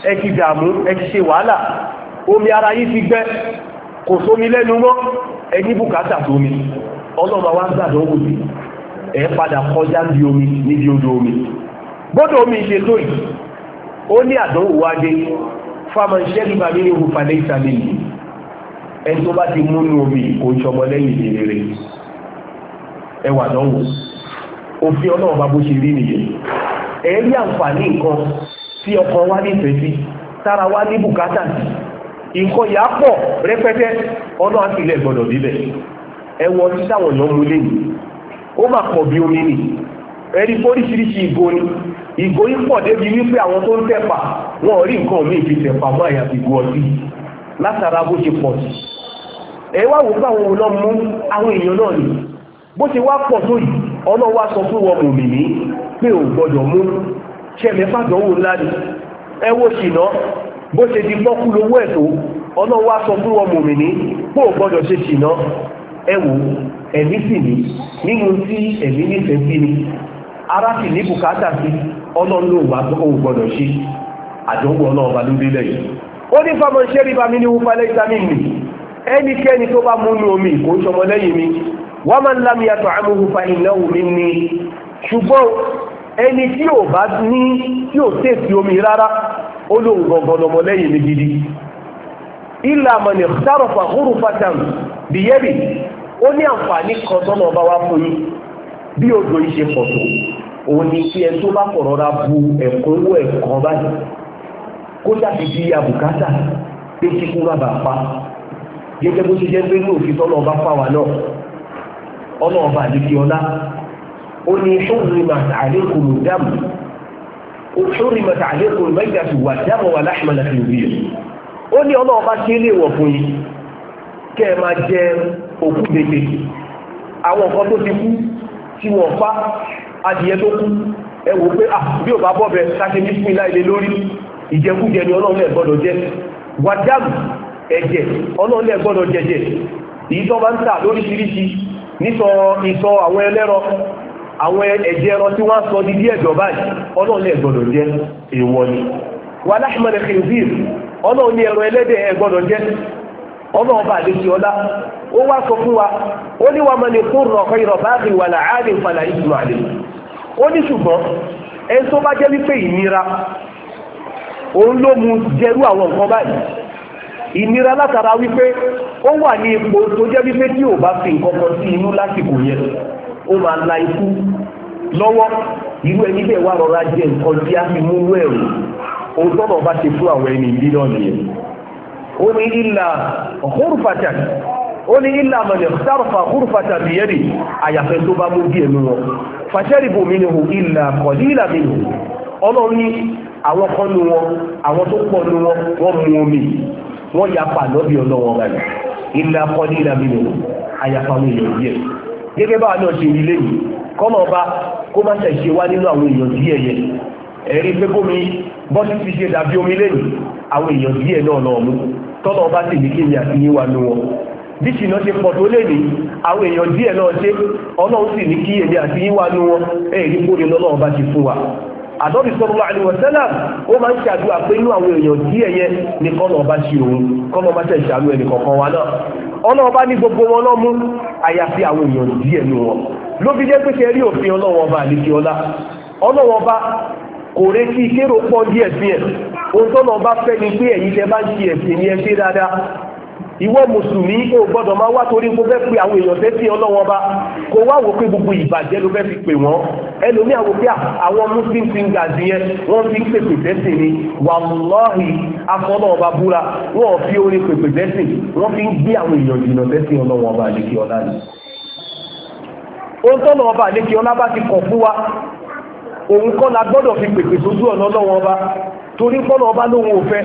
ẹ ti dààmú ẹ ti ṣe wàhálà omi ara ti gbẹ kò sómi lẹ́nu mọ́ ẹ ní bùkátà wá ẹ padà kọjá bí omi níbi odò omi gbọ́dọ̀ omi ṣe tó yìí ó ní àdánwò wá dé fáwọn iṣẹ́ nípa nínú ihò falẹ́ ìsàlẹ̀ yìí ẹni tó bá ti múnú omi kò ń ṣọmọ lẹ́yìn ìrere ẹwà dánwò òfin ọlọ́run bá bó ṣe rí nìyẹn ẹ̀rí àǹfààní nǹkan tí ọkàn wa nífẹ̀ẹ́ sí tára wa ní bùkátà sí nǹkan yà á pọ̀ rẹpẹtẹ ọlọ́run àti ilẹ̀ gbọ́dọ̀ bíbẹ̀ ẹwọ tí táwọn èèyàn mú lẹ́yìn ó mà pọ̀ bí omi nì ẹ̀rí oríṣiríṣi ìgò ni ìgò yìí pọ̀ débi wípé àwọn tó ń tẹ̀pà wọn ò rí nǹkan míì fi tẹ̀pà mọ́ àyà ìgò ọtí látara bó ṣe pọ̀ sí ẹ wá wò pé àwọn olọ́ mú àwọn èèyàn náà ni bó ṣe wá pọ̀ tó yìí ọlọ́wọ́ sọ fún wọn mùmìnì pé ò gbọ́dọ̀ mú ṣẹlẹ̀ fàdánwò ńlá ni ẹ wò ṣìnà bó ṣe di gbọ́kú lówó ẹ̀tọ́ ọlọ́wọ́ sọ fún wọn mùmìnì pé ò gbọ́dọ̀ ṣe ṣìnà ẹ wò ẹ̀mí sì ní nínú tí ẹ̀mí nífẹ̀ẹ́ sí ni ara sì ní bùkátà sí ọlọ́lọ́ òun gbọ́dọ̀ ṣe àdánwò ọlọ́ọ̀bá ló délẹ̀ yìí ó ní fọmọ iṣẹ́ rí bá mi ní wúfa lẹ́sàmì mi ẹnikẹ́ni tó bá múnú omi kò ń sọmọ lẹ́yìn mi wọ́n máa ń lámì yàtọ̀ amóhùn fa ìnáwó mi ní ṣùgbọ́n ẹni tí ò bá ní tí ò tèsí omi rárá ó lóun gangan lọmọ lẹ́yìn mi gidi ilà mọ̀nì sáròfà húrùfàtàn bìyẹ́bì ó ní àǹfààní kan tọ́nà ọba wa fún yín bí odò yìí ṣe pọ̀ tó òun ni kí ẹ tó bá fọ̀rọ̀ ra bu ẹ̀kúnwó ẹ̀kan báyìí kó dàbí di àbùkátà pé kíkún má bàa pa gẹ́gẹ́ bó ṣe jẹ́ pé ní òfin tọ́nà ọba fáwa náà ọ̀nà ọba àdìkí ọlá ó ní ṣùgbọ́n àlékún dàmù ṣùgbọ́n àlékún mẹ́gàtù wà dàmù wà láṣmọ́lá fi rí ó ní ọlọ́ọ̀bá ṣe é léèwọ̀ fún yín kẹ́ ẹ máa jẹ òkú tètè àwọn nǹkan tó ti kú tí wọ́n fá adìyẹ tó kú ẹ wò pé à ah, bí ò bá bọ́bẹ̀ sáṣe ní fún ilá ilé lórí ìjẹkújẹ ni ọlọ́run lẹ̀ gbọ́dọ̀ jẹ wàjáàmù ẹ̀jẹ̀ ọlọ́run lẹ̀ gbọ́dọ̀ jẹjẹ èyí tó bá ń tà lóríṣiríṣi nítọ ìsọ àwọn ẹlẹ́rọ àwọn ẹ̀jẹ̀ ẹran tí wọ́n sọ di díẹ̀ dọ̀ báyìí ọlọ́run lẹ̀ gbọ́dọ̀ jẹ èèwọ̀ ni wàláhìmọ̀lẹ̀ kìrìsìr ọlọ́run ní ẹran ẹlẹ́dẹ̀ ẹ gbọ́dọ̀ jẹ ọlọ́run bá àlejò ọlá ó wá sọ fún wa ó ní wàá mọ̀lẹ́ fún rọ̀kọ́ ìrọ̀bá àti ìwàlà áàlì ìfàlà ìjùmọ̀ àlè ó ní ṣùgbọ́n ẹni tó bá jẹ́ wípé ìnira òun ló mu jẹrú àwọn nǹkan báyìí ìnira látara wípé ó wà ní ipò tó jẹ́ wípé tí ò bá fi nǹkan kan sí inú lásìkò yẹn ó máa la ikú lọ́wọ́ irú ẹni bẹ́ẹ̀ rọra jẹ nǹkan tí a fi mú ẹ̀rù òun tọ́nà bá ṣe fún àwọn ẹni ó ní ìlà ọ̀húrùfàtà ó ní ìlà mọ̀lẹ̀ sáàrùfà ọ̀húrùfàtà bìyẹ́rì àyàfẹ́ tó bá mú bí ẹnu wọn fàṣẹ́rìbù mi ni ìlà kọ̀lílà mi nù ọlọ́run ní àwọn kan nu wọn àwọn tó pọ̀ nu wọn wọ́n mu omi wọ́n ya pa lọ́bì ọlọ́wọ́ báyìí ìlà kọ̀lílà mi bọ́sí ti ṣe dàbí omi lẹ́yìn àwọn èèyàn díẹ̀ náà náà mú tọ́lọ̀ bá sì ní kéèyàn àti yíwa nú wọn bí ṣìnà ṣe pọ̀ tó àwọn èèyàn díẹ̀ náà ṣe ọlọ́run sì ní àti wọn ẹ̀rí lọ́lọ́run bá ti fún wa sọ́rọ̀ ó máa ń ṣàdúrà pé inú àwọn èèyàn díẹ̀ yẹn ni kọ́nà ọba ṣe òun kọ́nà ọba ẹnì kọ̀ọ̀kan wa náà ní gbogbo kò retí kérò pọ́ díẹ̀ si ohun tó náà bá fẹ́ ni pé ẹ̀yin tẹ́ bá ń ṣe ẹ̀sìn ni ṣe dáadáa ìwọ mùsùlùmí ò gbọ́dọ̀ máa wá torí kó fẹ́ pe àwọn èèyàn tẹ́sí ọlọ́wọ́n bá kó wá wò pé gbogbo ìbàjẹ́ ló fẹ́ fi àwọn muslim wọ́n fi ń pèpè ni ọba búra wọ́n fi orin pèpè wọ́n fi ń gbé àwọn èèyàn jìnnà ọlọ́wọ́n bá ọba ọlá bá ti kọ̀ òun kọ́ la gbọ́dọ̀ fi pèpè sójú ọ̀nà ọlọ́wọ́n ọba torí kọ́nà ọba lóhun òfẹ́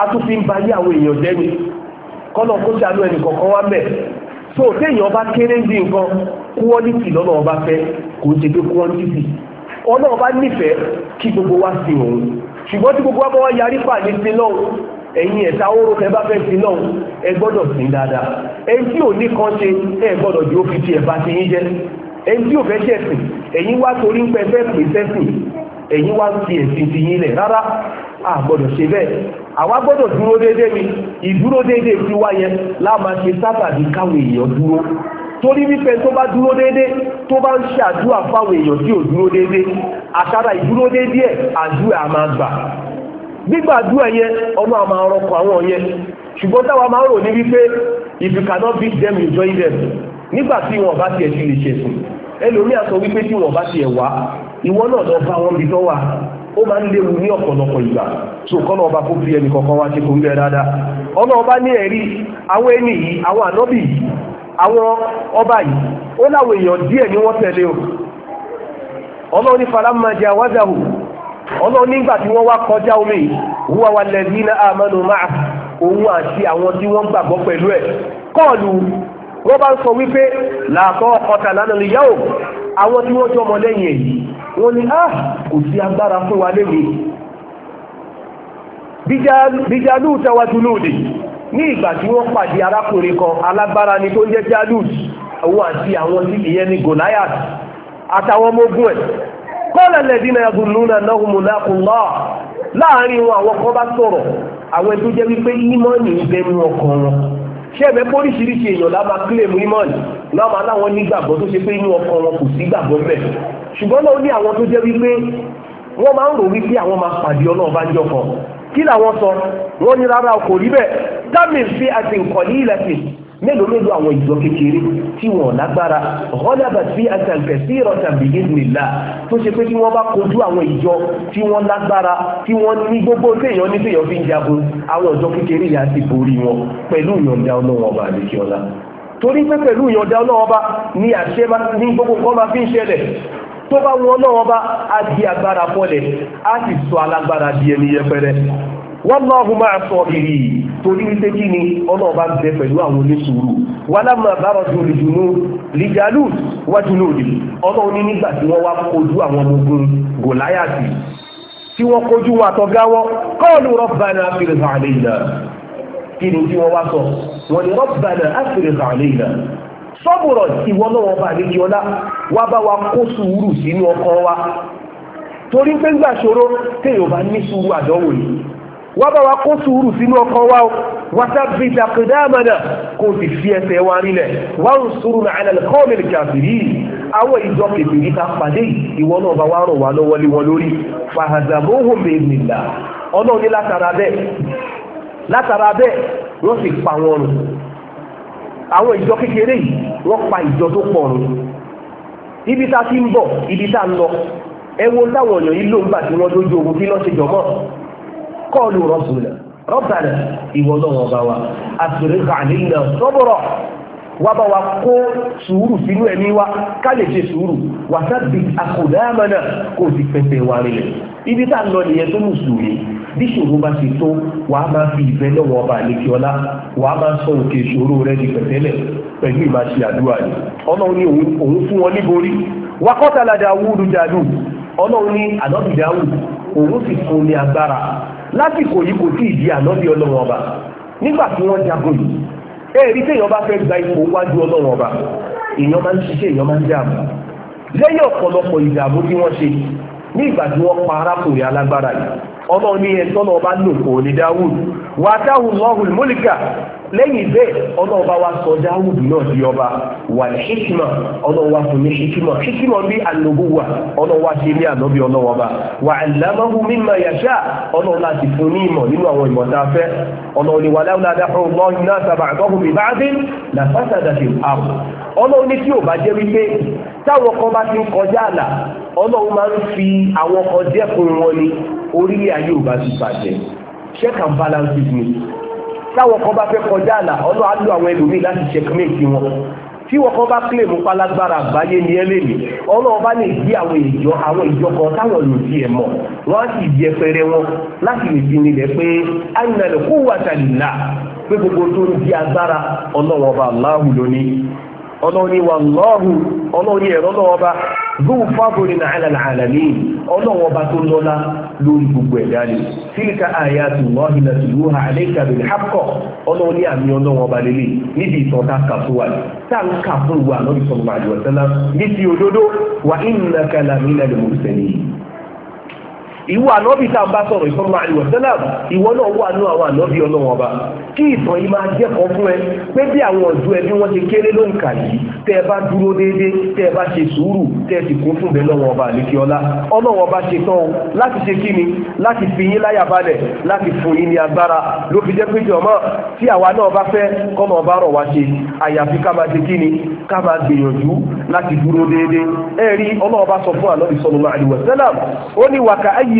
a tún fi ń ba yí àwọn èèyàn jẹ́ ni kọ́nà kó ṣe àánú ẹnì kọ̀ọ̀kan wá mẹ́ so téèyàn bá kéré ń di nǹkan kúọ́lìtì lọ́nà ọba fẹ́ kò ń ṣe pé kúọ́lìtì ọ̀nà ọba nífẹ̀ẹ́ kí gbogbo wa sí òun ṣùgbọ́n tí gbogbo wa bá wá yarí pàdé sí náà ẹ̀yin ẹ̀ta oró tẹ bá fẹ́ sí náà ẹ gbọ́dọ̀ sí dáadáa ẹ tí ò ní kan ṣe ẹ gbọ́dọ̀ ju ó fi ti ẹ̀ bá ti yín jẹ́ ẹni tí ò fẹ́ ṣẹ̀sìn ẹ̀yin wá torí ń pẹ́ fẹ́ pè sẹ́sìn ẹ̀yin wá ẹ̀sìn ti yín rárá ṣe bẹ́ẹ̀ àwa gbọ́dọ̀ dúró déédé mi ìdúró déédé ti wá láàmà ṣe sábàbí káwọn èèyàn dúró torí wípé tó bá dúró déédé tó bá ń ṣàdúrà fáwọn èèyàn tí ò dúró déédé àtàrà ìdúró déédé ẹ̀ àdúrà máa gbà gbígbàdúrà yẹn ọmọ àmà ọrọkọ àwọn ṣùgbọ́n táwa máa ń rò ní wípé if them join them nígbà tí wọn bá tiẹ̀ ti lè ṣẹ̀sùn ẹlòmí àsọ wípé tí wọn bá tiẹ̀ wá ìwọ náà lọ bá wọn bí tó wà ó máa ń léwu ní ọ̀pọ̀lọpọ̀ ìgbà tó kọ́nà ọba kó fi ẹnì kọ̀ọ̀kan wá ṣe kó ń bẹ dáadáa ọ̀nà ọba ní ẹ̀rí àwọn ẹni yìí àwọn ànọ́bì yìí àwọn ọba yìí ó láwọn èèyàn díẹ̀ ni wọ́n tẹ̀lé o ọlọ́run ní falamajà wájàhù ọlọ́run nígbà tí wọ́n wá kọjá omi wúwa wa lẹ́bí máa òun àti àwọn tí wọ́n gbàgbọ́ pẹ̀lú ẹ̀ kọ́ọ̀lù wọ́n bá ń sọ wípé làtọ́ ọ̀tà lánàá lè àwọn tí wọ́n jọ lẹ́yìn èyí wọ́n ni ah kò sí agbára fún wa lẹ́yìn bíjálù tẹwàjú lóde ní ìgbà tí wọ́n pàdé arákùnrin kan alágbára ni tó ń jẹ́ jálù àti àwọn ni Goliath àtàwọn ẹ̀ náà láàárín wọn àwọn kan bá sọ̀rọ̀ àwọn jẹ́ wípé ṣẹ́ẹ̀bẹ́ póríṣiríṣi èèyàn lábá kílèmù ìmọ̀ọ̀nì láwọn aláwọn nígbàgbọ́ tó ṣe pé inú ọkọ wọn kò sí gbàgbọ́ bẹ̀ ṣùgbọ́n náà ó ní àwọn tó jẹ́ wípé wọ́n máa ń rò wípé àwọn máa pàdé ọlọ́run bá ń jọ kan kí làwọn sọ wọ́n ní rárá kò rí bẹ́ẹ̀ dámì sí àti nǹkan ní ìlẹ̀kìn mélòó mélòó àwọn ìjọ kékeré tí wọn lágbára ọ̀họ́dàbà sí àtàǹkẹ̀ sí ìrọ̀tàbí ìdìnnìlá tó ṣe pé tí wọ́n bá kojú àwọn ìjọ tí wọ́n lágbára tí wọ́n ní gbogbo téèyàn ní téèyàn fi ń jagun àwọn ìjọ kékeré yà ti borí wọn pẹ̀lú ìyọ̀ǹda ọlọ́wọ́ ọba àdékíọlá torí pé pẹ̀lú ìyọ̀ǹda ọlọ́wọ́ ọba ní àṣẹ ní gbogbo nǹkan máa fi ń ṣẹlẹ̀ tó bá wọn ọlọ́wọ́ ọba á di agbára pọ̀lẹ̀ á sì sọ alágbára di ẹni yẹpẹrẹ wallahu ma'a sabirin torí wípé kí ni ọlọ́ọ̀bá ń bẹ pẹ̀lú àwọn oníṣòro wà lámà bára tó lè dùnú lìjàlù wájú lòdì ọlọ́run ní nígbà tí wọ́n wá kojú àwọn ọmọ ogun gòláyàtì tí wọ́n kojú wọn àtọ̀gáwọ́ qalu rabbana afrigh alayna kí ni tí wọ́n wá sọ wọ́n ní rabbana wá bá wa kó sùúrù sínú ọkàn wa wá sábì dàkúdàmàdà kó o sì fi ẹsẹ̀ wa rinlẹ̀ wá ń sùúrù náà àlẹ́ kọ́ọ̀mì kàfìrí àwọn ìjọ kẹfìrí ta pàdé ìwọ náà bá wá ràn wá lọ́wọ́ lé wọn lórí fàhàzàmóhùn bèèmìlà ọlọ́ọ̀ni látara bẹ́ẹ̀ kọlu rọ́sùlẹ̀ rọ́bàlẹ̀ ìwọlọ́wọ́ bá wa àtìríkà àlẹ́yìn sọ́bọ̀rọ̀ wà bá wa kó sùúrù sínú ẹ̀mí wa ká lè ṣe sùúrù wà sábì àkùdámẹ́nà kò sì pẹ̀pẹ̀ wà rílẹ̀ ibi tá lọ nìyẹn tó mùsùlùmí bí ṣòro bá ṣe tó wà á máa fi ìfẹ́ lọ́wọ́ ọba àlekí ọlá wà á máa sọ òkè ìṣòro rẹ di pẹ̀tẹ́lẹ̀ pẹ̀lú ìbá ṣe àdúrà ni ọlọ́run ní òun fún wọn níborí wakọ́tàlá Dáwúdù jàdù ọlọ́run ní àdọ́bì Dáwúdù òun sì fún ní agbára lásìkò yìí kò tí ì di ànábì ọlọ́run ọba nígbà tí wọ́n jagun yìí ẹ̀rí téèyàn bá fẹ́ gba ipò wájú ọlọ́run ọba èèyàn máa ń ṣiṣẹ́ èèyàn máa ń dààmú lẹ́yìn ọ̀pọ̀lọpọ̀ ìdààmú tí wọ́n ṣe ní ìgbà tí wọ́n pa arákùnrin alágbára yìí ọlọ́run ní ẹ̀tọ́ náà bá lò kò ní dáwùd wàá lọ́hùn mólíkà lẹ́yìn bẹ́ẹ̀ ọlọ́run bá wa sọ dáhùdù náà di ọba wà ní ṣíkìmọ̀ ọlọ́run wa fún ní ṣíkìmọ̀ ṣíkìmọ̀ bí àlọ́gùwà ọlọ́run wa ṣe ní ànábì ọlọ́run ọba wà àlámọ́hù mímọ̀ yàṣá ọlọ́run láti fún ní ìmọ̀ nínú àwọn ìmọ̀ tá a fẹ́ ọlọ́run ni wà láwùlá dáhùn lọ́yìn náà sábà àtọ́hùn mi bá dé là fásádà sí àrùn ọlọ́run ní tí ò bá jẹ́ wípé táwọn kan bá ti ń kọjá àlà ọlọ́run máa ń fi àwọn kan táwọn kan bá fẹ́ kọjá àlà ọlọ́ á lo àwọn ẹlòmíì láti checkmate wọn tí wọ́n kọ́ bá kílè mú palágbára àgbáyé ní ẹ lèmi ọlọ́run bá lè gbé àwọn ìjọ àwọn ìjọ kan táwọn lò sí ẹ mọ̀ wọ́n á sì jẹ pẹrẹ wọn láti lè fi nílẹ̀ pé àyìnlẹ̀ kó wà tàlìlà pé gbogbo tó ń di agbára ọlọ́run ọba aláhùn lónìí ọlọ́ni wà lọ́hùn ọlọ́ni ẹ̀rọ náà ọba zuu fábọ̀lì náà alàlàálàmì ọlọ́wọ́ ọba tó lọ́lá lórí gbogbo ẹ̀dá ni sílíkà àyà tó lọ́hìn náà tìlú ha àlẹ́kà bẹ̀rẹ̀ hapkọ̀ ọlọ́ni àmì ọlọ́wọ́ ọba lélẹ̀ níbi ìtọ́ta kàfúwà ìwọ ànọ́bì tá a bá sọ̀rọ̀ ìfọ́nmà àlùwọ̀sẹ́là ìwọ náà wà ní àwọn ànọ́bì ọlọ́wọ́n ọba kí ìtàn yìí máa jẹ́kọ̀ọ́ fún ẹ pé bí àwọn ọ̀dọ́ ẹbí wọ́n ṣe kéré ló ń kà yìí tẹ́ ẹ bá dúró déédéé tẹ́ ẹ bá ṣe sùúrù tẹ́ ẹ sì kún fún bẹ́ẹ̀ lọ́wọ́n ọba àlékiọlá ọlọ́wọ́n ọba ṣe tán láti ṣe kí ni láti fi yín láyà balẹ̀ láti fún yín ní agbára ló fi jẹ́ pé jọ̀mọ́ tí àwa náà bá fẹ́ kọ́mọ ọba rọ̀ wá ṣe àyàfi ká máa ṣe kí ni ká máa gbìyànjú láti dúró déédéé ẹ̀rí ọlọ́wọ́n ọba sọ fún àlọ́ ìsọ̀nùmọ́ àlùwọ̀sẹ́là ó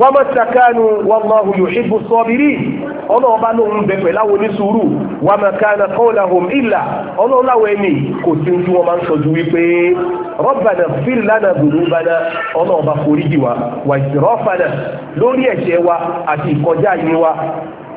wọ́n mọ̀ sàkánu wọ́n mọ̀ yuhibbu sọ́bìrì ọlọ́run bá lóun bẹ pẹ̀lú àwọn onísùúrù wọ́n mọ̀ kánà qawlahum ìlà ọlọ́run láwọn ẹni kò sí tí wọ́n máa ń sọjú wípé rabbana fir lana dhunubana ọlọ́run bá foríjì wa wa israfana lórí ẹ̀ṣẹ̀ wa àti ìkọjá yìí wa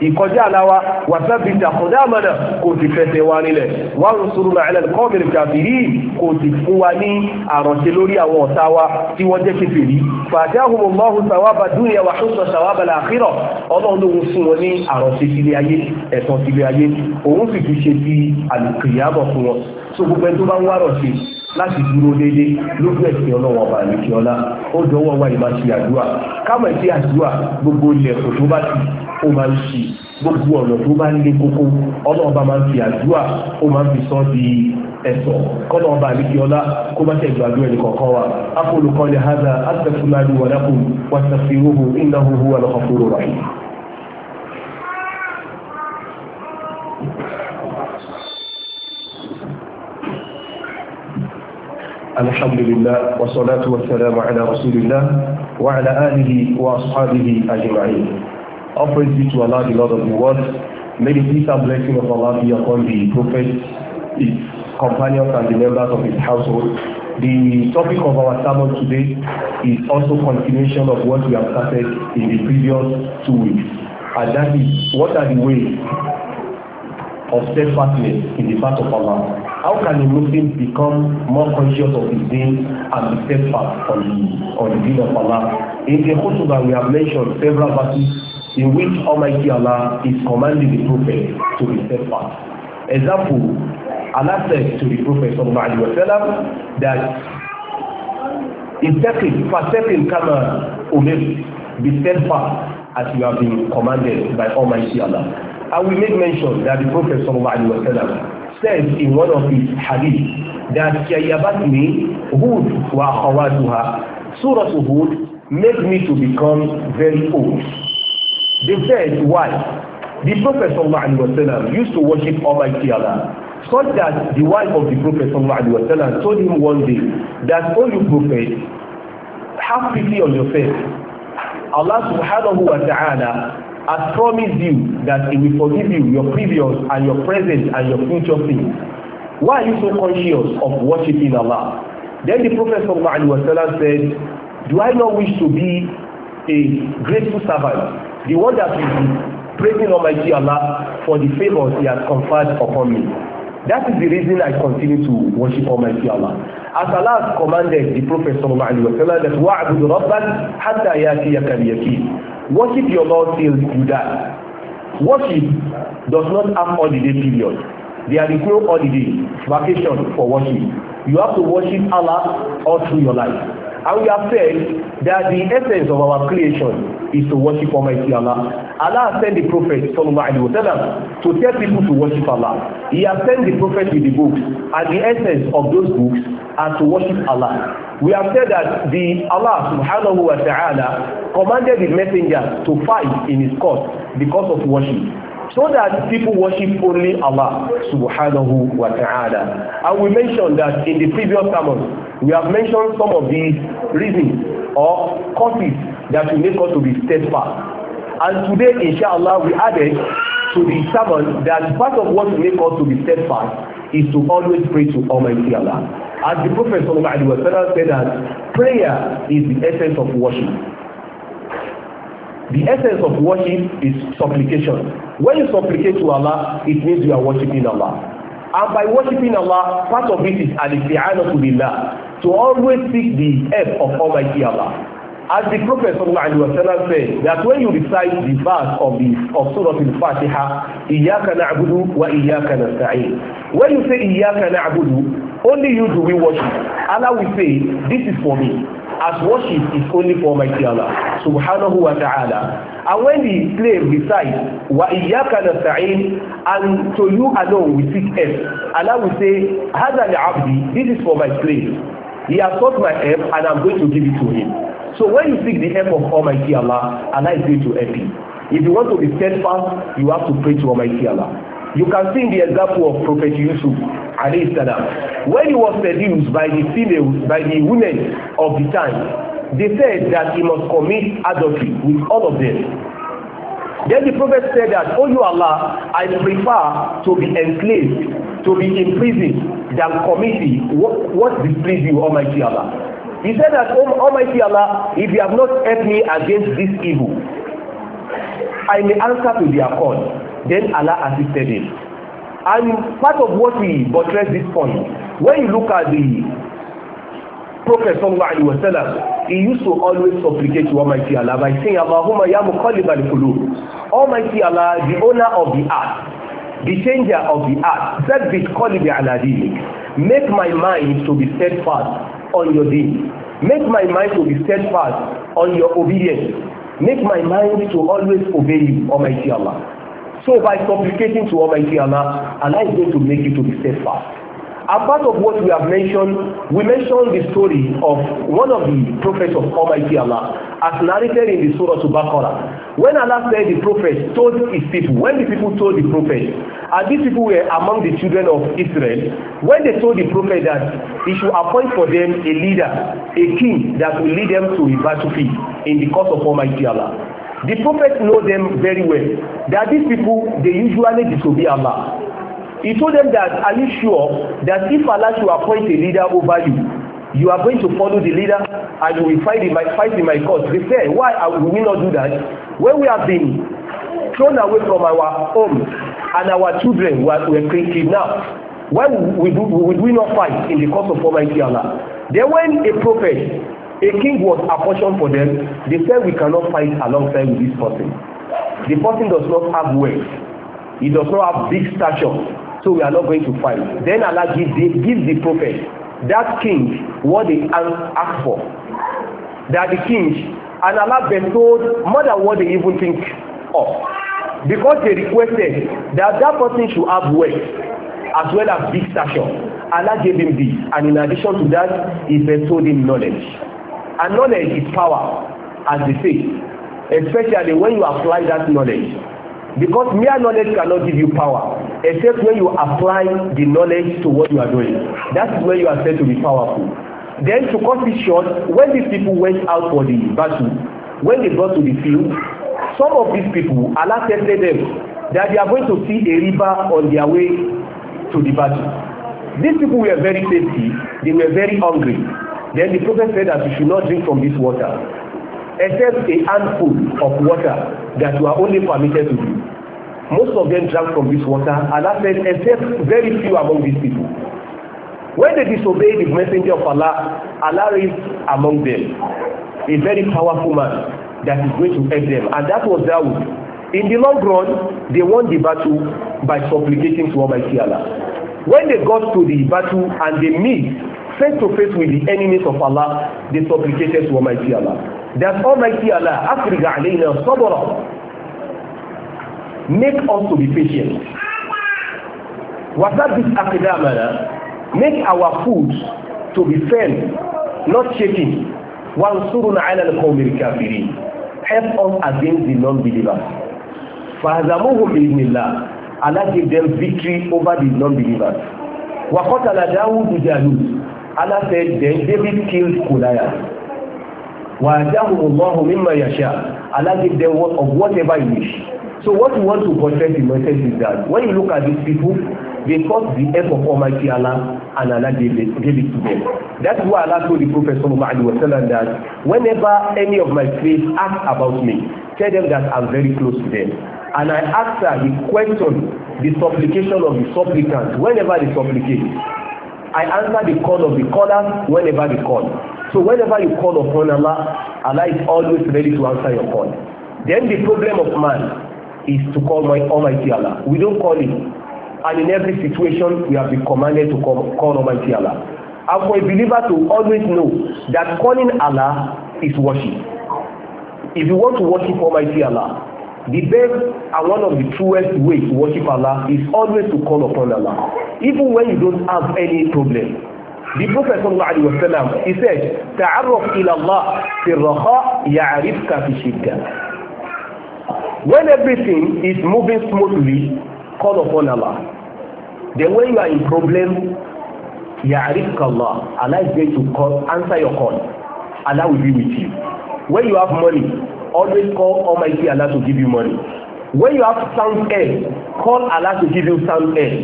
ìkọjá aláwa wàsábì tàkọ̀dámànà kò ti fẹsẹ̀ wa nílẹ̀ wà ń sọ̀rọ̀ màálẹ̀ kọ́mìnì kàfìrí kò ti fún wa ní àrọ̀ṣe lórí àwọn ọ̀tá wa tí wọ́n jẹ́ kèfèrí fàjáhùn mọ́hùn sàwábà dúnìyà wà ṣùsọ̀ sàwábà làkírọ̀ ọlọ́run lóhun fún wọn láti dúró dédé lójú ẹ̀sìn ọlọ́wọ́ ọba àlejò ọlá ó dọwọ́ wa ìmá ṣe àdúrà kámọ̀ sí àdúrà gbogbo ilẹ̀kùn tó bá ti ó máa ń ṣí gbogbo ọ̀nà tó bá ń lé kókó ọlọ́wọ́ bá máa ń fi àdúrà ó máa ń fi sọ́ di ẹ̀sọ̀ kọ́nà ọba àlejò ọlá kó má tẹ̀ gbàdúrà ẹnì kọ̀ọ̀kan wa akólukọ́ ni haza asẹ́fúnmáàlú wàlákùn wàtàfíwòhùn ìnáhùn huwa lọ́kọ̀ọ́fóró rà الحمد لله والصلاة والسلام على رسول الله وعلى آله وأصحابه أجمعين All praise be to Allah, the Lord of May the peace and blessing of Allah be upon the Prophet, his companions and the members of his household. The topic of our sermon today is also continuation of what we have started in the previous two weeks. And that is, what are the ways of steadfastness in the path of Allah? How can a Muslim become more conscious of his deen and be steadfast on the on the deen of Allah? In the khutbah, we have mentioned several verses in which Almighty Allah is commanding the Prophet to be steadfast. Example, Allah said to the Prophet sallallahu alaihi wasallam that "In ittaqi fastaqim kama umirt be steadfast as you have been commanded by Almighty Allah. And we made mention that the Prophet sallallahu alaihi wasallam says in one of his hadith that Shayyabatni Hud wa Khawatuha, Surah Hud made me to become very old. They said, why? The Prophet sallallahu alaihi wasallam used to worship Almighty Allah such so that the wife of the prophet sallallahu alaihi wasallam told him one day that all oh, you prophet have pity on your face Allah subhanahu wa ta'ala I promise you that he will forgive you your previous and your present and your future sins. Why are you so conscious of worshiping Allah? Then the Prophet sallallahu alaihi wasallam said, Do I not wish to be a grateful servant, the one that will be praising Almighty Allah for the favors He has conferred upon me? That is the reason I continue to worship Almighty Allah as Allah commanded the Prophet sallallahu alaihi wasallam that wa'budu rabbak hatta yatiyaka al-yaqin. Worship your Lord till you die. Worship does not have holiday period. There is no holiday, vacation for worship. You have to worship Allah all through your life. And we have said that the essence of our creation is to worship Almighty Allah. Allah has sent the Prophet sallallahu alaihi to tell people to worship Allah. He has sent the Prophet with the books, and the essence of those books are to worship Allah. We have said that the Allah subhanahu wa ta'ala commanded the messenger to fight in his cause because of worship so that people worship only Allah subhanahu wa ta'ala. And we mentioned that in the previous sermon, we have mentioned some of the reasons or causes that will make us to be steadfast. And today, inshallah, we added to the sermon that part of what will make us to be steadfast is to always pray to Almighty Allah. As the Prophet sallallahu alaihi wasallam said that prayer is the essence of worship. The essence of worship is supplication. When you supplicate to Allah, it means you are worshiping Allah. And by worshiping Allah, part of it is al-isti'anatu billah, to always seek the help of Almighty Allah. As the Prophet sallallahu alaihi wasallam said, that when you recite the verse of the of Surah Al-Fatiha, iyyaka na'budu wa iyyaka nasta'in. When you say iyyaka na'budu, only you do we worship. Allah will say, this is for me as worship is only for Almighty Allah subhanahu wa ta'ala and when he slave recites wa iyyaka nasta'in and to you alone we seek help Allah will say hadha li this is for my slave he has sought my help and I'm going to give it to him so when you seek the help of Almighty Allah Allah is going to help you if you want to be steadfast you have to pray to Almighty Allah You can see in the example of Prophet Yusuf, alayhi salam, when he was seduced by the females, by the women of the time, they said that he must commit adultery with all of them. Then the prophet said that, O you Allah, I prefer to be enslaved, to be imprisoned, than committing what, what displease you, Almighty Allah. He said that, O Almighty Allah, if you have not helped me against this evil, I may answer to their call then Allah assisted him. And part of what we buttress this point, when you look at the Prophet sallallahu alaihi wasallam, he used to always supplicate to Almighty Allah by saying, Allahumma ya muqallib al-qulub. Almighty Allah, the owner of the earth, the changer of the earth, thabbit qalbi ala dinik. Make my mind to be steadfast on your deen. Make my mind to be steadfast on your obedience. Make my mind to always obey you, Almighty Allah. So by supplicating to Almighty Allah, Allah is going to make you to be steadfast. As part of what we have mentioned, we mentioned the story of one of the prophets of Almighty Allah, as narrated in the Surah to Baqarah. When Allah said the prophet told his people, when the people told the prophet, and these people were among the children of Israel, when they told the prophet that he should appoint for them a leader, a king that will lead them to a battlefield in the cause of Almighty Allah. The prophet know them very well. That these people, they usually disobey Allah. He told them that, are you sure that if Allah should appoint a leader over you, you are going to follow the leader and you will fight in my, fight in my cause? They said, why will we not do that? When we have been thrown away from our home and our children were, were created. Now why would we, do, would we not fight in the cause of Almighty Allah? Then when a prophet A king was apportioned for them. They said we cannot fight alongside with this person. The person does not have wealth. He does not have big stature. So we are not going to fight. Then Allah gives the, gives the prophet, that king, what they ask for. That the king, and Allah told more than what they even think of. Because they requested that that person should have wealth as well as big stature. Allah gave him this, and in addition to that, he told him knowledge. And knowledge is power, as they say, especially when you apply that knowledge. Because mere knowledge cannot give you power, except when you apply the knowledge to what you are doing. That is when you are said to be powerful. Then, to cut it short, when these people went out for the battle, when they got to the field, some of these people, Allah tested them that they are going to see a river on their way to the battle. These people were very thirsty, they were very hungry. Then the prophet said that you should not drink from this water, except a handful of water that you are only permitted to drink. Most of them drank from this water, and I said, except very few among these people. When they disobeyed the messenger of Allah, Allah is among them a very powerful man that is going to help them, and that was Dawood. In the long run, they won the battle by supplicating to Almighty Allah. When they got to the battle and they meet face to face with the enemies of Allah they supplicated to Almighty Allah that Almighty Allah afriga alayna sabra make us to be patient this aqdamana ah. make our food to be firm not shaking wansuruna ala alqawmi alkafirin help us against the non-believers fahazamuhum biiznillah Allah give them victory over the non-believers. Wa qatala Dawud Jalut aláfẹ́ jẹ́ david killed Goliath wàjáhùn ọlọ́hùn mímọ̀ yàṣà alágídẹ of whatever you wish so what you want to confess the message is that when you look at these people they sought the help of Almighty Allah and Allah gave it, to them that's why Allah told the prophet sallallahu alaihi wasallam that whenever any of my slaves ask about me tell them that I'm very close to them and I answer the question the supplication of the supplicant whenever they supplicate I answer the call of the caller whenever the call. So whenever you call upon Allah, Allah is always ready to answer your call. Then the problem of man is to call my Almighty Allah. We don't call him. And in every situation, we have been commanded to call, call Almighty Allah. And for a believer to always know that calling Allah is worship. If you want to worship Almighty Allah, the best and one of the truest ways to worship Allah is always to call upon Allah even when you don't have any problem the prophet sallallahu alaihi wasallam he said ta'arraf ila Allah fi raha ya'rifka fi shidda when everything is moving smoothly call upon Allah then when you are in problem ya'rifka Allah Allah is going to call answer your call Allah will be with you when you have money always call Almighty Allah to give you money. When you have sound health, call Allah to give you sound health.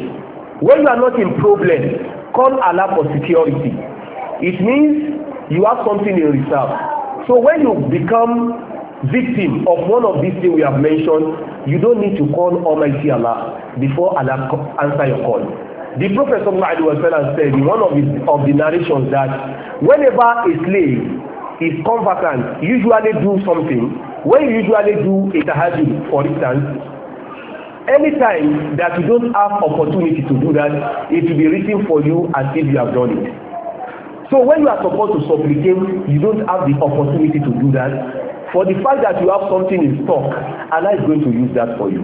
When you are not in problem, call Allah for security. It means you have something in reserve. So when you become victim of one of these things we have mentioned, you don't need to call Almighty Allah before Allah answer your call. The Prophet sallallahu alaihi wasallam said in one of the of the narrations that whenever a slave is conversant usually do something when you usually do a tahajjud for instance anytime that you don't have opportunity to do that it will be written for you as if you have done it so when you are supposed to supplicate you don't have the opportunity to do that for the fact that you have something in stock Allah is going to use that for you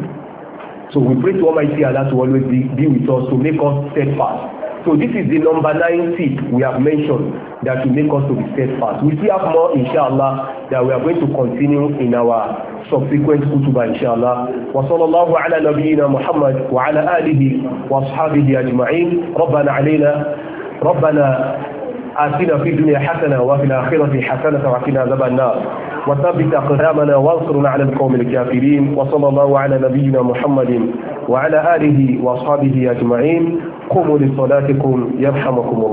so we pray to Almighty Allah to always be, be with us to make us steadfast So this is the number nine tip we have mentioned that will make us to be steadfast. We still have more inshallah that we are going to continue in our subsequent kutuba inshallah. Wa sallallahu ala nabiyyina Muhammad wa ala alihi wa ashabihi ajma'in. Rabbana alayna Rabbana. آتنا في الدنيا حسنة وفي الآخرة حسنة وقنا عذاب النار وثبت أقدامنا وانصرنا على القوم الكافرين وصلى الله على نبينا محمد وعلى آله وأصحابه أجمعين قوموا لصلاتكم يرحمكم الله